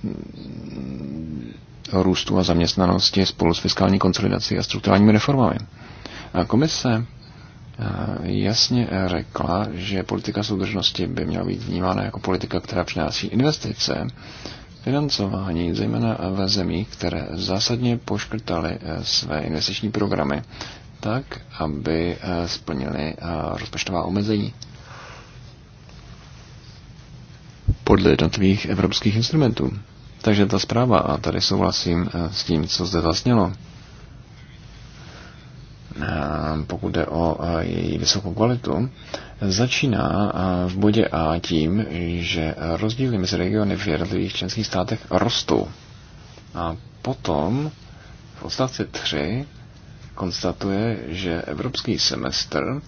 [SPEAKER 1] Mm, růstu a zaměstnanosti spolu s fiskální konsolidací a strukturálními reformami. Komise eh, jasně řekla, že politika soudržnosti by měla být vnímána jako politika, která přináší investice, financování, zejména ve zemích, které zásadně poškrtaly eh, své investiční programy, tak, aby eh, splnili rozpočtová omezení. Podle jednotlivých evropských instrumentů. Takže ta zpráva, a tady souhlasím eh, s tím, co zde zaznělo, pokud jde o eh, její vysokou kvalitu, začíná eh, v bodě A tím, že rozdíly mezi regiony v jednotlivých členských státech rostou. A potom v odstavci 3 konstatuje, že evropský semestr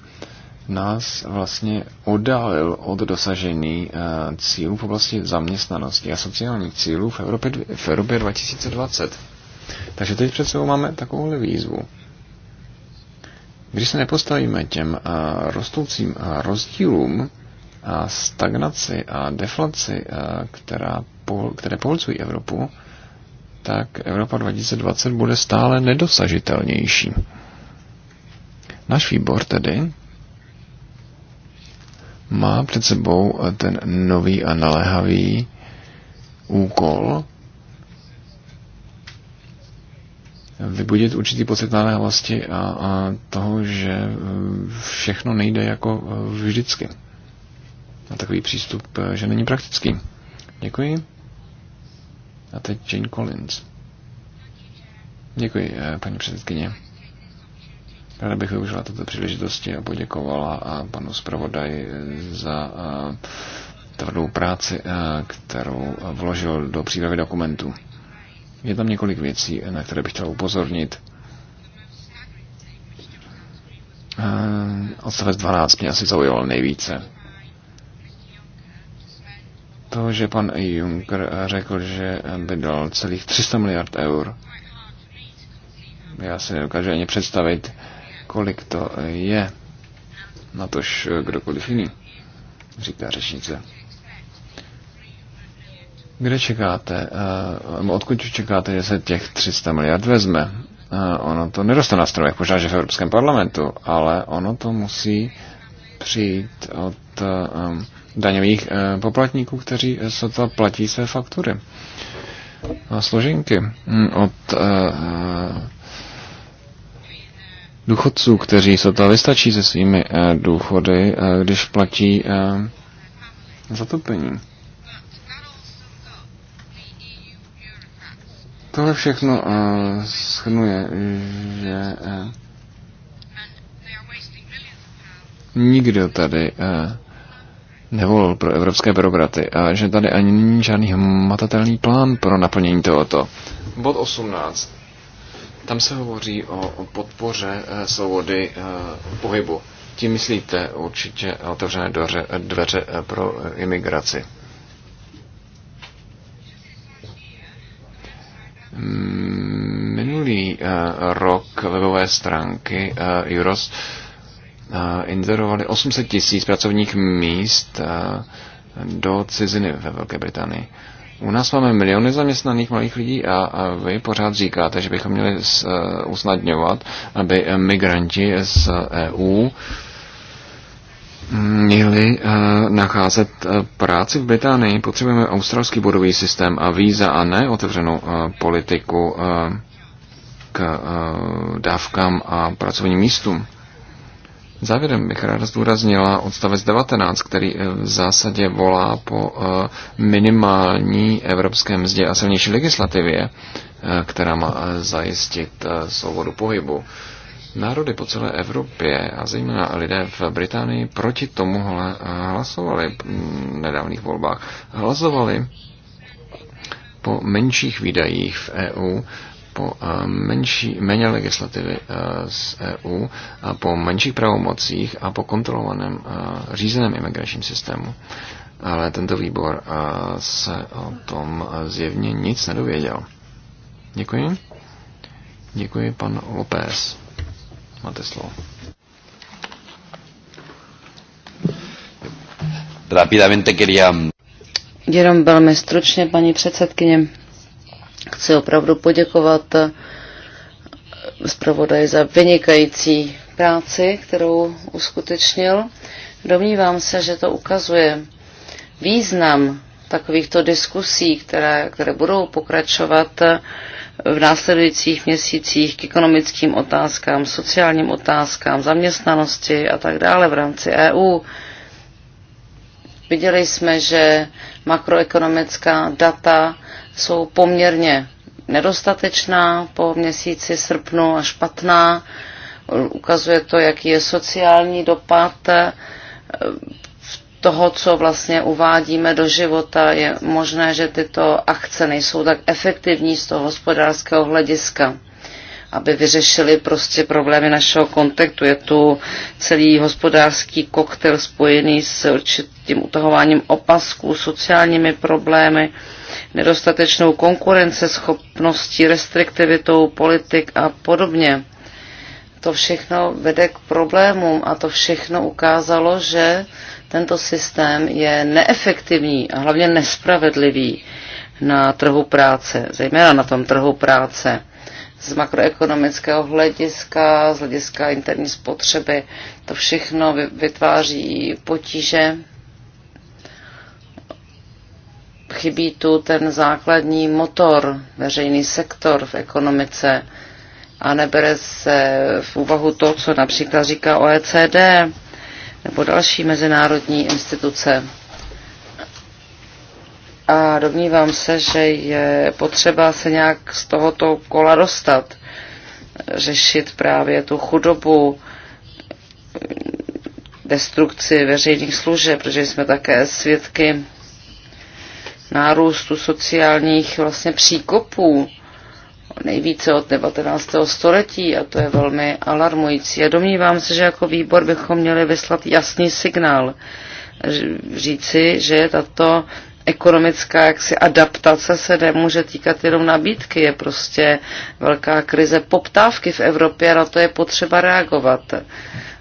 [SPEAKER 1] nás vlastně oddalil od dosažení eh, cílů v oblasti zaměstnanosti a sociálních cílů v Evropě, v Evropě 2020. Takže teď před sebou máme takovouhle výzvu. Když se nepostavíme těm eh, rostoucím eh, rozdílům a stagnaci a deflaci, která, které pohlcují Evropu, tak Evropa 2020 bude stále nedosažitelnější. Náš výbor tedy má před sebou ten nový a naléhavý úkol vybudit určitý pocit naléhavosti a, a toho, že eh, všechno nejde jako eh, vždycky. A takový přístup, eh, že není praktický. Děkuji. A teď Jane Collins. Děkuji, paní předsedkyně. Ráda bych využila této příležitosti a poděkovala a panu zpravodaji za tvrdou práci, kterou vložil do přípravy dokumentu. Je tam několik věcí, na které bych chtěl upozornit. Odstavec 12 mě asi zaujal nejvíce. To, že pan Juncker řekl, že by dal celých 300 miliard eur, já si nedokážu ani představit, kolik to je. Na tož eh, kdokoliv jiný, říká řečnice. Kde čekáte, eh, odkud čekáte, že se těch 300 miliard vezme? Eh, ono to nedostane na stromech, možná, že v Evropském parlamentu, ale ono to musí přijít od daňových poplatníků, kteří sotva platí své faktury a složenky hm, od důchodců, kteří to vystačí se svými eh, důchody, eh, když platí eh, zatopení. Tohle všechno schnuje, že nikdo tady nevolil pro evropské byrokraty a že tady ani není žádný hmatatelný plán pro naplnění tohoto. Bod 18. Tam se hovoří o podpoře eh, svobody eh, pohybu. Tím myslíte určitě otevřené dveře, eh, dveře pro imigraci. Mm, minulý rok webové stránky Euros inzerovali 800 tisíc pracovních míst do ciziny ve Velké Británii. U nás máme miliony zaměstnaných malých lidí a, a vy pořád říkáte, že bychom měli s, uh, usnadňovat, aby migranti z EU měli uh, nacházet uh, práci v Británii. Potřebujeme australský bodový systém a víza a ne otevřenou uh, politiku uh, k uh, dávkám a pracovním místům. Závěrem bych ráda zdůraznila odstavec 19, který eh, v zásadě volá po eh, minimální evropské mzdě a silnější legislativě, eh, která má zajistit svobodu pohybu. Národy po celé Evropě a zejména lidé v Británii proti tomu hlasovali mm, v nedávných volbách. Hlasovali po menších výdajích v EU po eh, menší, méně legislativy eh, z EU a po menších pravomocích a po kontrolovaném eh, řízeném imigračním systému. Ale tento výbor se o tom zjevně nic nedověděl. Děkuji. Děkuji, pan López. Máte slovo. Rápidamente quería...
[SPEAKER 4] Jenom velmi stručně, paní předsedkyně chci opravdu poděkovat eh, zpravodaj za vynikající práci, kterou uskutečnil. Domnívám se, že to ukazuje význam takovýchto diskusí, které, které budou pokračovat eh, v následujících měsících k ekonomickým otázkám, sociálním otázkám, zaměstnanosti a tak dále v rámci EU. Viděli jsme, že makroekonomická data jsou poměrně nedostatečná po měsíci srpnu a špatná. Ukazuje to, jaký je sociální dopad eh, toho, co vlastně uvádíme do života. Je možné, že tyto akce nejsou tak efektivní z toho hospodářského hlediska aby vyřešili prostě problémy našeho kontaktu. Je tu celý hospodářský koktel spojený s určitým utahováním opasků, sociálními problémy, nedostatečnou konkurenceschopností, restriktivitou politik a podobně. To všechno vede k problémům a to všechno ukázalo, že tento systém je neefektivní a hlavně nespravedlivý na trhu práce, zejména na tom trhu práce z makroekonomického hlediska, z hlediska interní spotřeby. To všechno vytváří potíže chybí tu ten základní motor, veřejný sektor v ekonomice a nebere se v úvahu to, co například říká OECD nebo další mezinárodní instituce. A domnívám se, že je potřeba se nějak z tohoto kola dostat, řešit právě tu chudobu, destrukci veřejných služeb, protože jsme také svědky nárůstu sociálních vlastně příkopů nejvíce od 19. století a to je velmi alarmující. A domnívám se, že jako výbor bychom měli vyslat jasný signál, říci, že tato ekonomická jaksi adaptace se nemůže týkat jenom nabídky. Je prostě velká krize poptávky v Evropě a na to je potřeba reagovat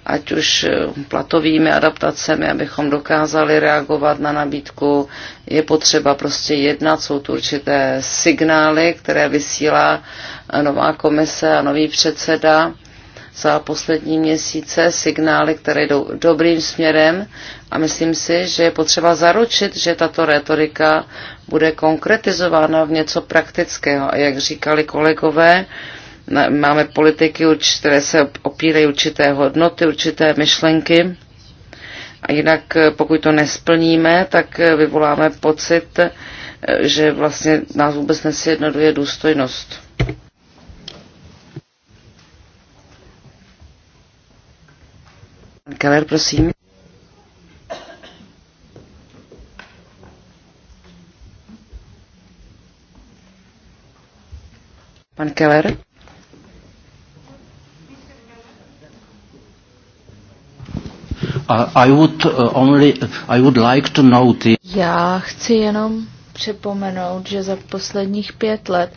[SPEAKER 4] ať už eh, platovými adaptacemi, abychom dokázali reagovat na nabídku. Je potřeba prostě jednat, jsou tu určité signály, které vysílá eh, nová komise a nový předseda za poslední měsíce, signály, které jdou dobrým směrem a myslím si, že je potřeba zaručit, že tato retorika bude konkretizována v něco praktického. A jak říkali kolegové, Máme politiky, které se opírají určité hodnoty, určité myšlenky. A jinak, eh, pokud to nesplníme, tak eh, vyvoláme pocit, eh, že vlastně nás vůbec nesjednoduje důstojnost. Keller, prosím. Pan Keller?
[SPEAKER 1] I would uh, only, I would like to
[SPEAKER 3] Já chci jenom připomenout, že za posledních pět let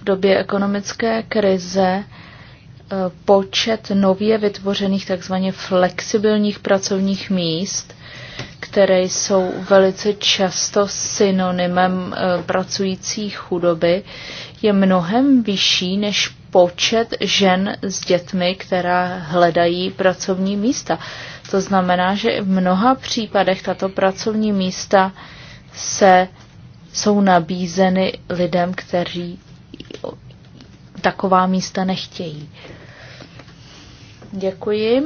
[SPEAKER 3] v době ekonomické krize uh, počet nově vytvořených takzvaně flexibilních pracovních míst, které jsou velice často synonymem uh, pracující chudoby, je mnohem vyšší než počet žen s dětmi, která hledají pracovní místa. To znamená, že v mnoha případech tato pracovní místa se jsou nabízeny lidem, kteří taková místa nechtějí. Děkuji.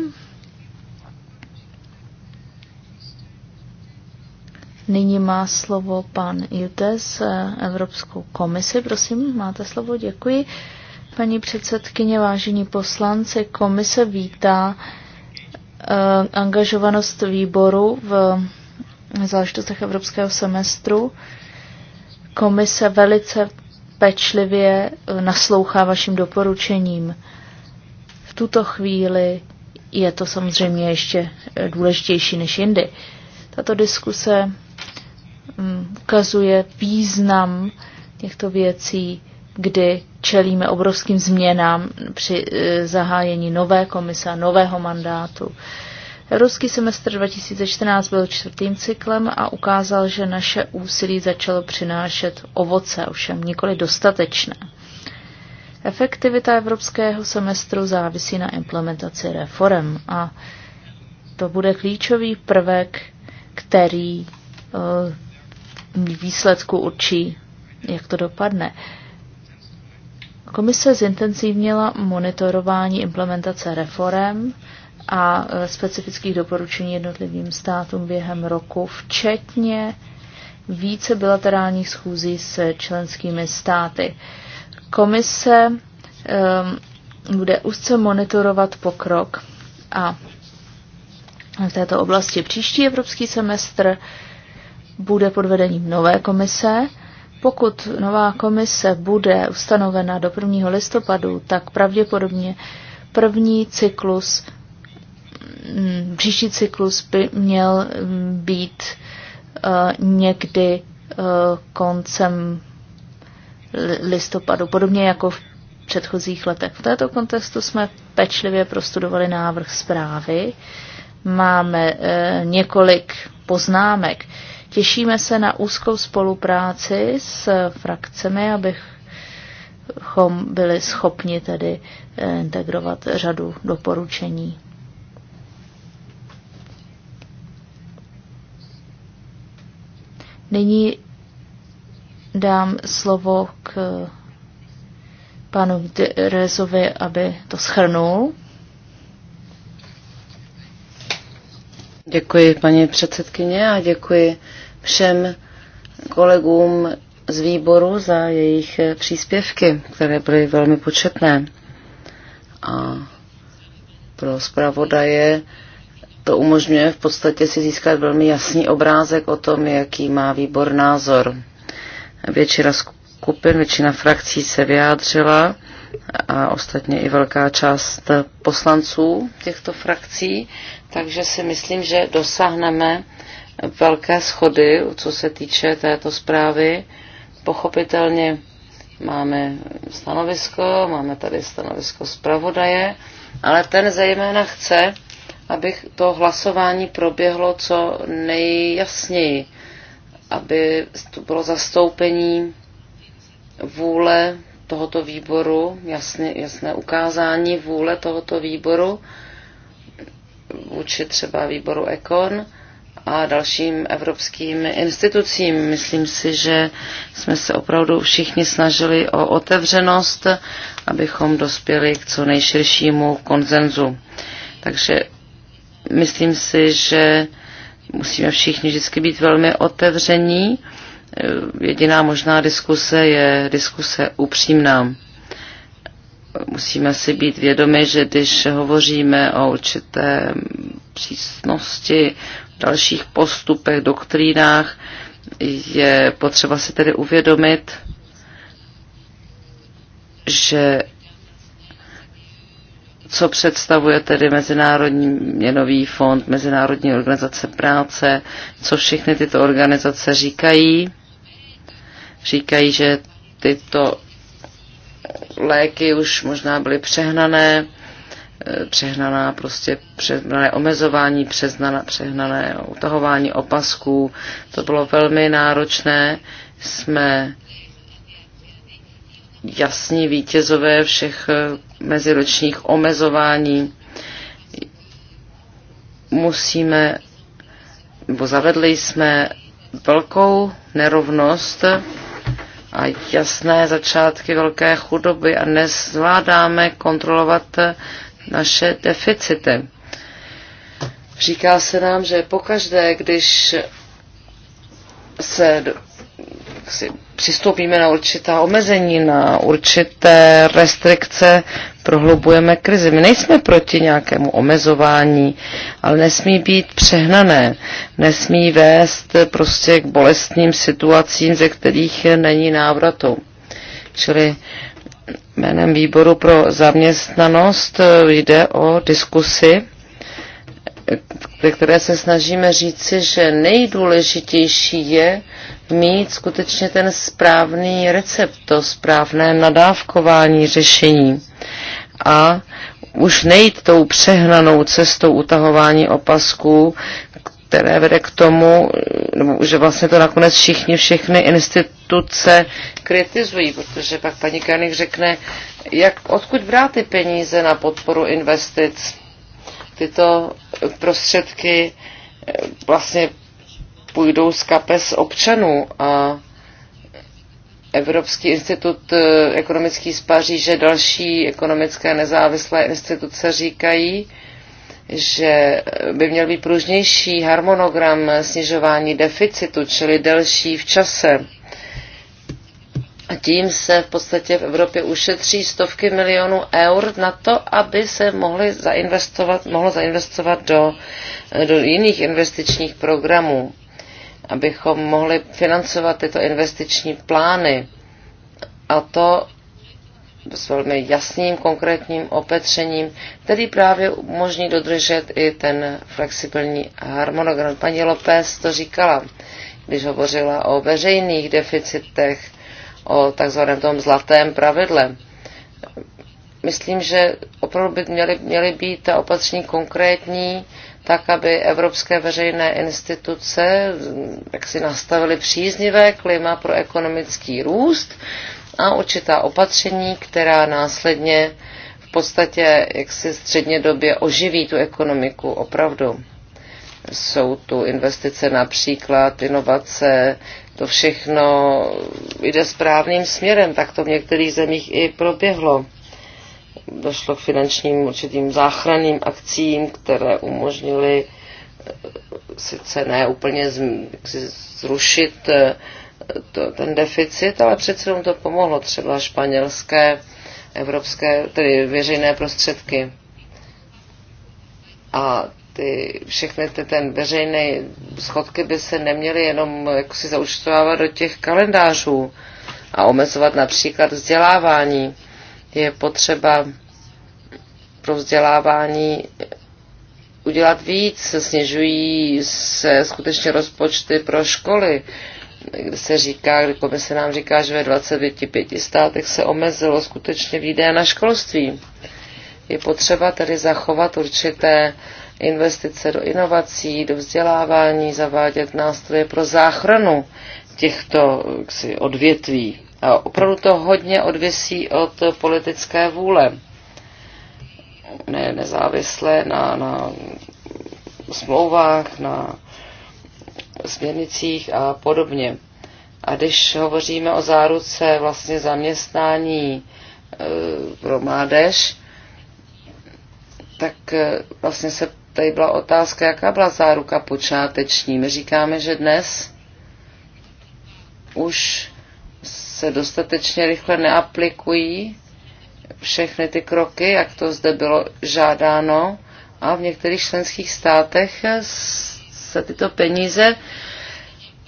[SPEAKER 3] Nyní má slovo pan Jutes, eh, Evropskou komisi. Prosím, máte slovo, děkuji. Paní předsedkyně, vážení poslanci, komise vítá Eh, angažovanost výboru v záležitostech evropského semestru. Komise velice pečlivě eh, naslouchá vašim doporučením. V tuto chvíli je to samozřejmě ještě eh, důležitější než jindy. Tato diskuse mm, ukazuje význam těchto věcí kdy čelíme obrovským změnám při e, zahájení nové komise, nového mandátu. Ruský semestr 2014 byl čtvrtým cyklem a ukázal, že naše úsilí začalo přinášet ovoce, ovšem nikoli dostatečné. Efektivita evropského semestru závisí na implementaci reform a to bude klíčový prvek, který e, výsledku určí, jak to dopadne. Komise zintenzivnila monitorování implementace reform a e, specifických doporučení jednotlivým státům během roku, včetně více bilaterálních schůzí s členskými státy. Komise um, bude úzce monitorovat pokrok a v této oblasti příští evropský semestr bude pod vedením nové komise pokud nová komise bude ustanovena do 1. listopadu, tak pravděpodobně první cyklus, mm, příští cyklus by měl mm, být eh, někdy eh, koncem listopadu, podobně jako v předchozích letech. V této kontextu jsme pečlivě prostudovali návrh zprávy. Máme eh, několik poznámek. Těšíme se na úzkou spolupráci s frakcemi, abychom byli schopni tedy eh, integrovat řadu doporučení. Nyní dám slovo k panu Rezovi, aby to schrnul.
[SPEAKER 4] Děkuji, paní předsedkyně, a děkuji všem kolegům z výboru za jejich příspěvky, které byly velmi početné. A pro zpravodaje to umožňuje v podstatě si získat velmi jasný obrázek o tom, jaký má výbor názor. Většina skupin, většina frakcí se vyjádřila a ostatně i velká část poslanců těchto frakcí, takže si myslím, že dosáhneme velké schody, co se týče této zprávy. Pochopitelně máme stanovisko, máme tady stanovisko zpravodaje, ale ten zejména chce, aby to hlasování proběhlo co nejjasněji, aby to bylo zastoupení vůle tohoto výboru, jasně, jasné ukázání vůle tohoto výboru vůči třeba výboru Ekon a dalším evropským institucím. Myslím si, že jsme se opravdu všichni snažili o otevřenost, abychom dospěli k co nejširšímu konzenzu. Takže myslím si, že musíme všichni vždycky být velmi otevření. Jediná možná diskuse je diskuse upřímná. Musíme si být vědomi, že když hovoříme o určité přísnosti, dalších postupech, doktrínách. Je potřeba si tedy uvědomit, že co představuje tedy Mezinárodní měnový fond, Mezinárodní organizace práce, co všechny tyto organizace říkají. Říkají, že tyto léky už možná byly přehnané, Eh, přehnaná prostě přehnané omezování, přehnané, přehnané utahování opasků. To bylo velmi náročné. Jsme jasní vítězové všech eh, meziročních omezování. Musíme, nebo zavedli jsme velkou nerovnost a jasné začátky velké chudoby a nezvládáme kontrolovat eh, naše deficity. Říká se nám, že pokaždé, když se si přistoupíme na určitá omezení, na určité restrikce, prohlubujeme krizi. My nejsme proti nějakému omezování, ale nesmí být přehnané, nesmí vést prostě k bolestným situacím, ze kterých není návratu. Čili jménem výboru pro zaměstnanost eh, jde o diskusi, ve které se snažíme říci, že nejdůležitější je mít skutečně ten správný recept, to správné nadávkování řešení a už nejít tou přehnanou cestou utahování opasků, které vede k tomu, že vlastně to nakonec všichni, všechny instituce kritizují, protože pak paní Kanik řekne, jak, odkud brát ty peníze na podporu investic. Tyto prostředky eh, vlastně půjdou z kapes občanů a Evropský institut eh, ekonomický z Paříže, další ekonomické nezávislé instituce říkají, že by měl být pružnější harmonogram snižování deficitu, čili delší v čase. A tím se v podstatě v Evropě ušetří stovky milionů eur na to, aby se mohly zainvestovat, mohlo zainvestovat do, do jiných investičních programů, abychom mohli financovat tyto investiční plány. A to s velmi jasným, konkrétním opetřením, který právě umožní dodržet i ten flexibilní harmonogram. Paní López to říkala, když hovořila o veřejných deficitech, o takzvaném tom zlatém pravidle. Myslím, že opravdu by měly, měly být ta opatření konkrétní, tak, aby evropské veřejné instituce jak si nastavily příznivé klima pro ekonomický růst a určitá opatření, která následně v podstatě jak si středně době oživí tu ekonomiku opravdu. Jsou tu investice například inovace, to všechno jde správným směrem, tak to v některých zemích i proběhlo. Došlo k finančním určitým záchranným akcím, které umožnily eh, sice ne úplně zrušit eh, to, ten deficit, ale přece jenom to pomohlo třeba španělské, evropské, tedy veřejné prostředky. A ty, všechny ty, ten veřejné schodky by se neměly jenom jako si zaučtovávat do těch kalendářů a omezovat například vzdělávání. Je potřeba pro vzdělávání udělat víc. Snižují se skutečně rozpočty pro školy, kde se říká, kdy komise nám říká, že ve 25 státech se omezilo skutečně výdaje na školství. Je potřeba tedy zachovat určité uh, investice do inovací, do vzdělávání, zavádět nástroje pro záchranu těchto ksi, odvětví. A opravdu to hodně odvisí od politické vůle. Ne, nezávisle na, na smlouvách, na směrnicích a podobně. A když hovoříme o záruce vlastně zaměstnání e, pro mládež, tak e, vlastně se tady byla otázka, jaká byla záruka počáteční. My říkáme, že dnes už se dostatečně rychle neaplikují všechny ty kroky, jak to zde bylo žádáno, a v některých členských státech se tyto peníze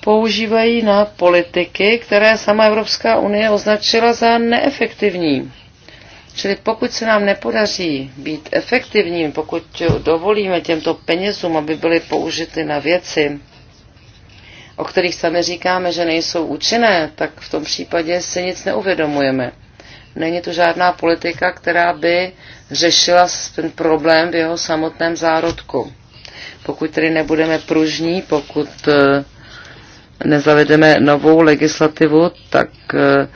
[SPEAKER 4] používají na politiky, které sama Evropská unie označila za neefektivní. Čili pokud se nám nepodaří být efektivním, pokud dovolíme těmto penězům, aby byly použity na věci, o kterých sami říkáme, že nejsou účinné, tak v tom případě si nic neuvědomujeme. Není to žádná politika, která by řešila ten problém v jeho samotném zárodku. Pokud tedy nebudeme pružní, pokud eh, nezavedeme novou legislativu, tak eh,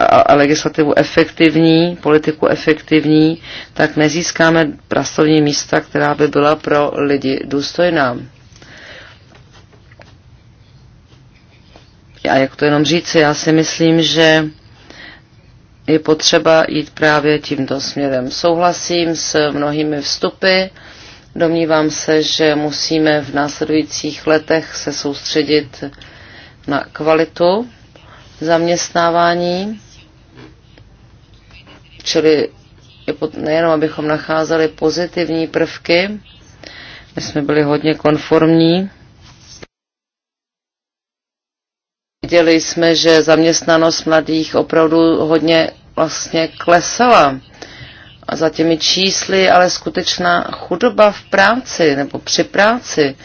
[SPEAKER 4] a legislativu efektivní, politiku efektivní, tak nezískáme pracovní místa, která by byla pro lidi důstojná. A jak to jenom říci, já si myslím, že je potřeba jít právě tímto směrem. Souhlasím s mnohými vstupy, domnívám se, že musíme v následujících letech se soustředit na kvalitu zaměstnávání Čili nejenom, abychom nacházeli pozitivní prvky, my jsme byli hodně konformní, viděli jsme, že zaměstnanost mladých opravdu hodně vlastně klesala. A za těmi čísly ale skutečná chudoba v práci nebo při práci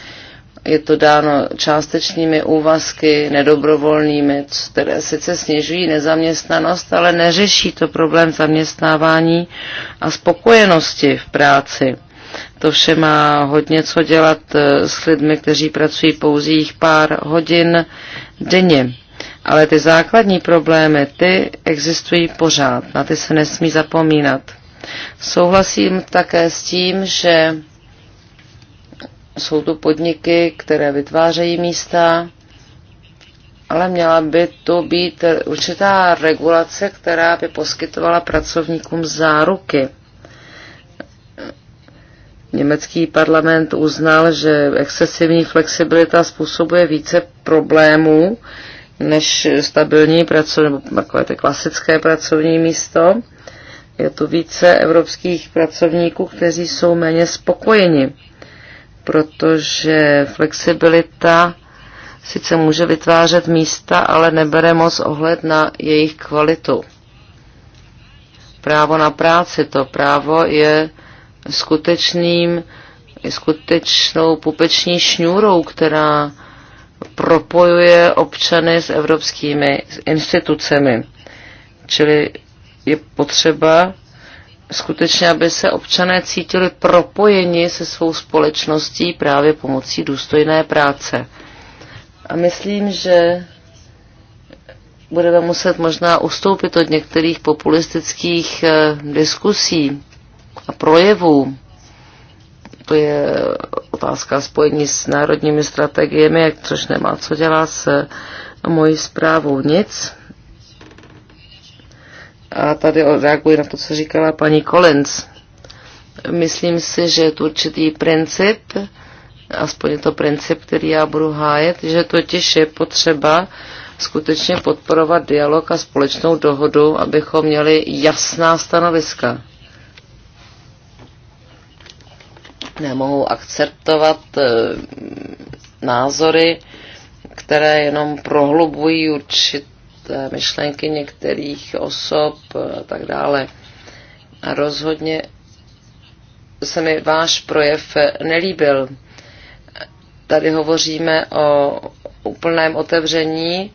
[SPEAKER 4] je to dáno částečnými úvazky, nedobrovolnými, které sice snižují nezaměstnanost, ale neřeší to problém zaměstnávání a spokojenosti v práci. To vše má hodně co dělat eh, s lidmi, kteří pracují pouzích pár hodin denně. Ale ty základní problémy, ty existují pořád, na ty se nesmí zapomínat. Souhlasím také s tím, že jsou tu podniky, které vytvářejí místa, ale měla by to být určitá regulace, která by poskytovala pracovníkům záruky. Německý parlament uznal, že excesivní flexibilita způsobuje více problémů než stabilní pracovní, nebo takové ty klasické pracovní místo. Je tu více evropských pracovníků, kteří jsou méně spokojeni protože flexibilita sice může vytvářet místa, ale nebere moc ohled na jejich kvalitu. Právo na práci, to právo je skutečným, skutečnou pupeční šňůrou, která propojuje občany s evropskými institucemi. Čili je potřeba skutečně, aby se občané cítili propojeni se svou společností právě pomocí důstojné práce. A myslím, že budeme muset možná ustoupit od některých populistických eh, diskusí a projevů. To je otázka spojení s národními strategiemi, což nemá co dělat s mojí zprávou nic. A tady reaguji na to, co říkala paní Collins. Myslím si, že je to určitý princip, aspoň je to princip, který já budu hájet, že totiž je potřeba skutečně podporovat dialog a společnou dohodu, abychom měli jasná stanoviska. Nemohu akceptovat eh, názory, které jenom prohlubují určit myšlenky některých osob a tak dále. A rozhodně se mi váš projev nelíbil. Tady hovoříme o úplném otevření.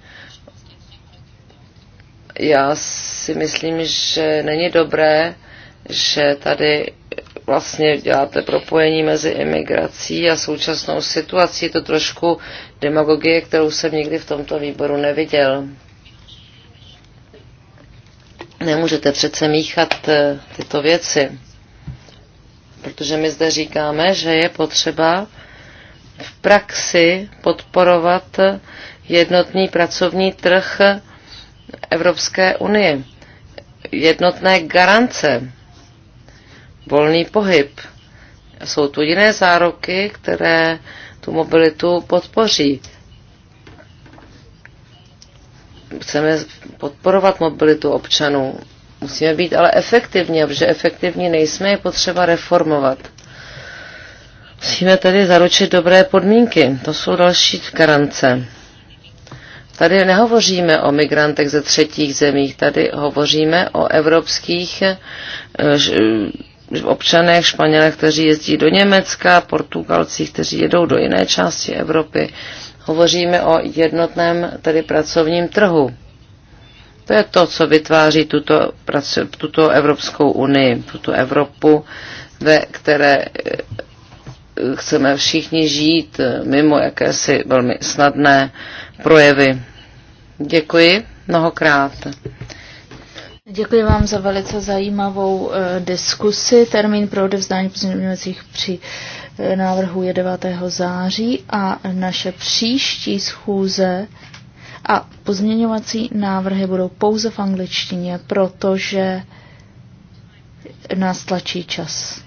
[SPEAKER 4] Já si myslím, že není dobré, že tady vlastně děláte propojení mezi imigrací a současnou situací. Je to trošku demagogie, kterou jsem nikdy v tomto výboru neviděl. Nemůžete přece míchat eh, tyto věci, protože my zde říkáme, že je potřeba v praxi podporovat jednotný pracovní trh Evropské unie, jednotné garance, volný pohyb. Jsou tu jiné zároky, které tu mobilitu podpoří chceme podporovat mobilitu občanů, musíme být ale efektivní, a protože efektivní nejsme, je potřeba reformovat. Musíme tedy zaručit dobré podmínky, to jsou další garance. Tady nehovoříme o migrantech ze třetích zemích, tady hovoříme o evropských eh, občanech, Španělech, kteří jezdí do Německa, Portugalcích, kteří jedou do jiné části Evropy. Hovoříme o jednotném tedy pracovním trhu. To je to, co vytváří tuto, tuto Evropskou unii, tuto Evropu, ve které eh, chceme všichni žít mimo jakési velmi snadné projevy. Děkuji mnohokrát.
[SPEAKER 3] Děkuji vám za velice zajímavou e, diskusi. Termín pro odevzdání pozměňovacích při návrhu je 9. září a naše příští schůze a pozměňovací návrhy budou pouze v angličtině, protože nás tlačí čas.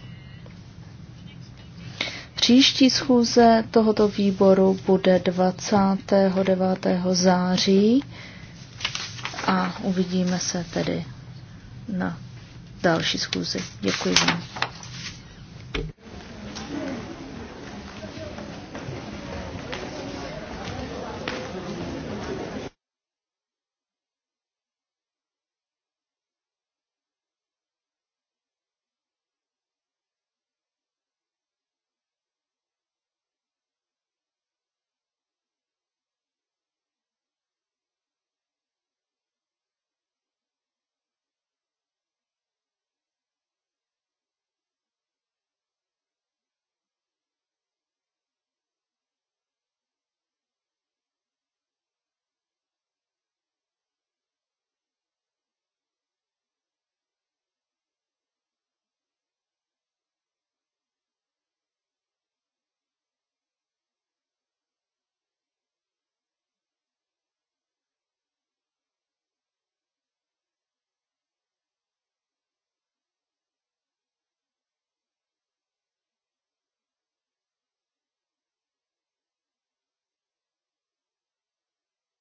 [SPEAKER 3] Příští schůze tohoto výboru bude 29. září a uvidíme se tedy na další schůzi. Děkuji vám.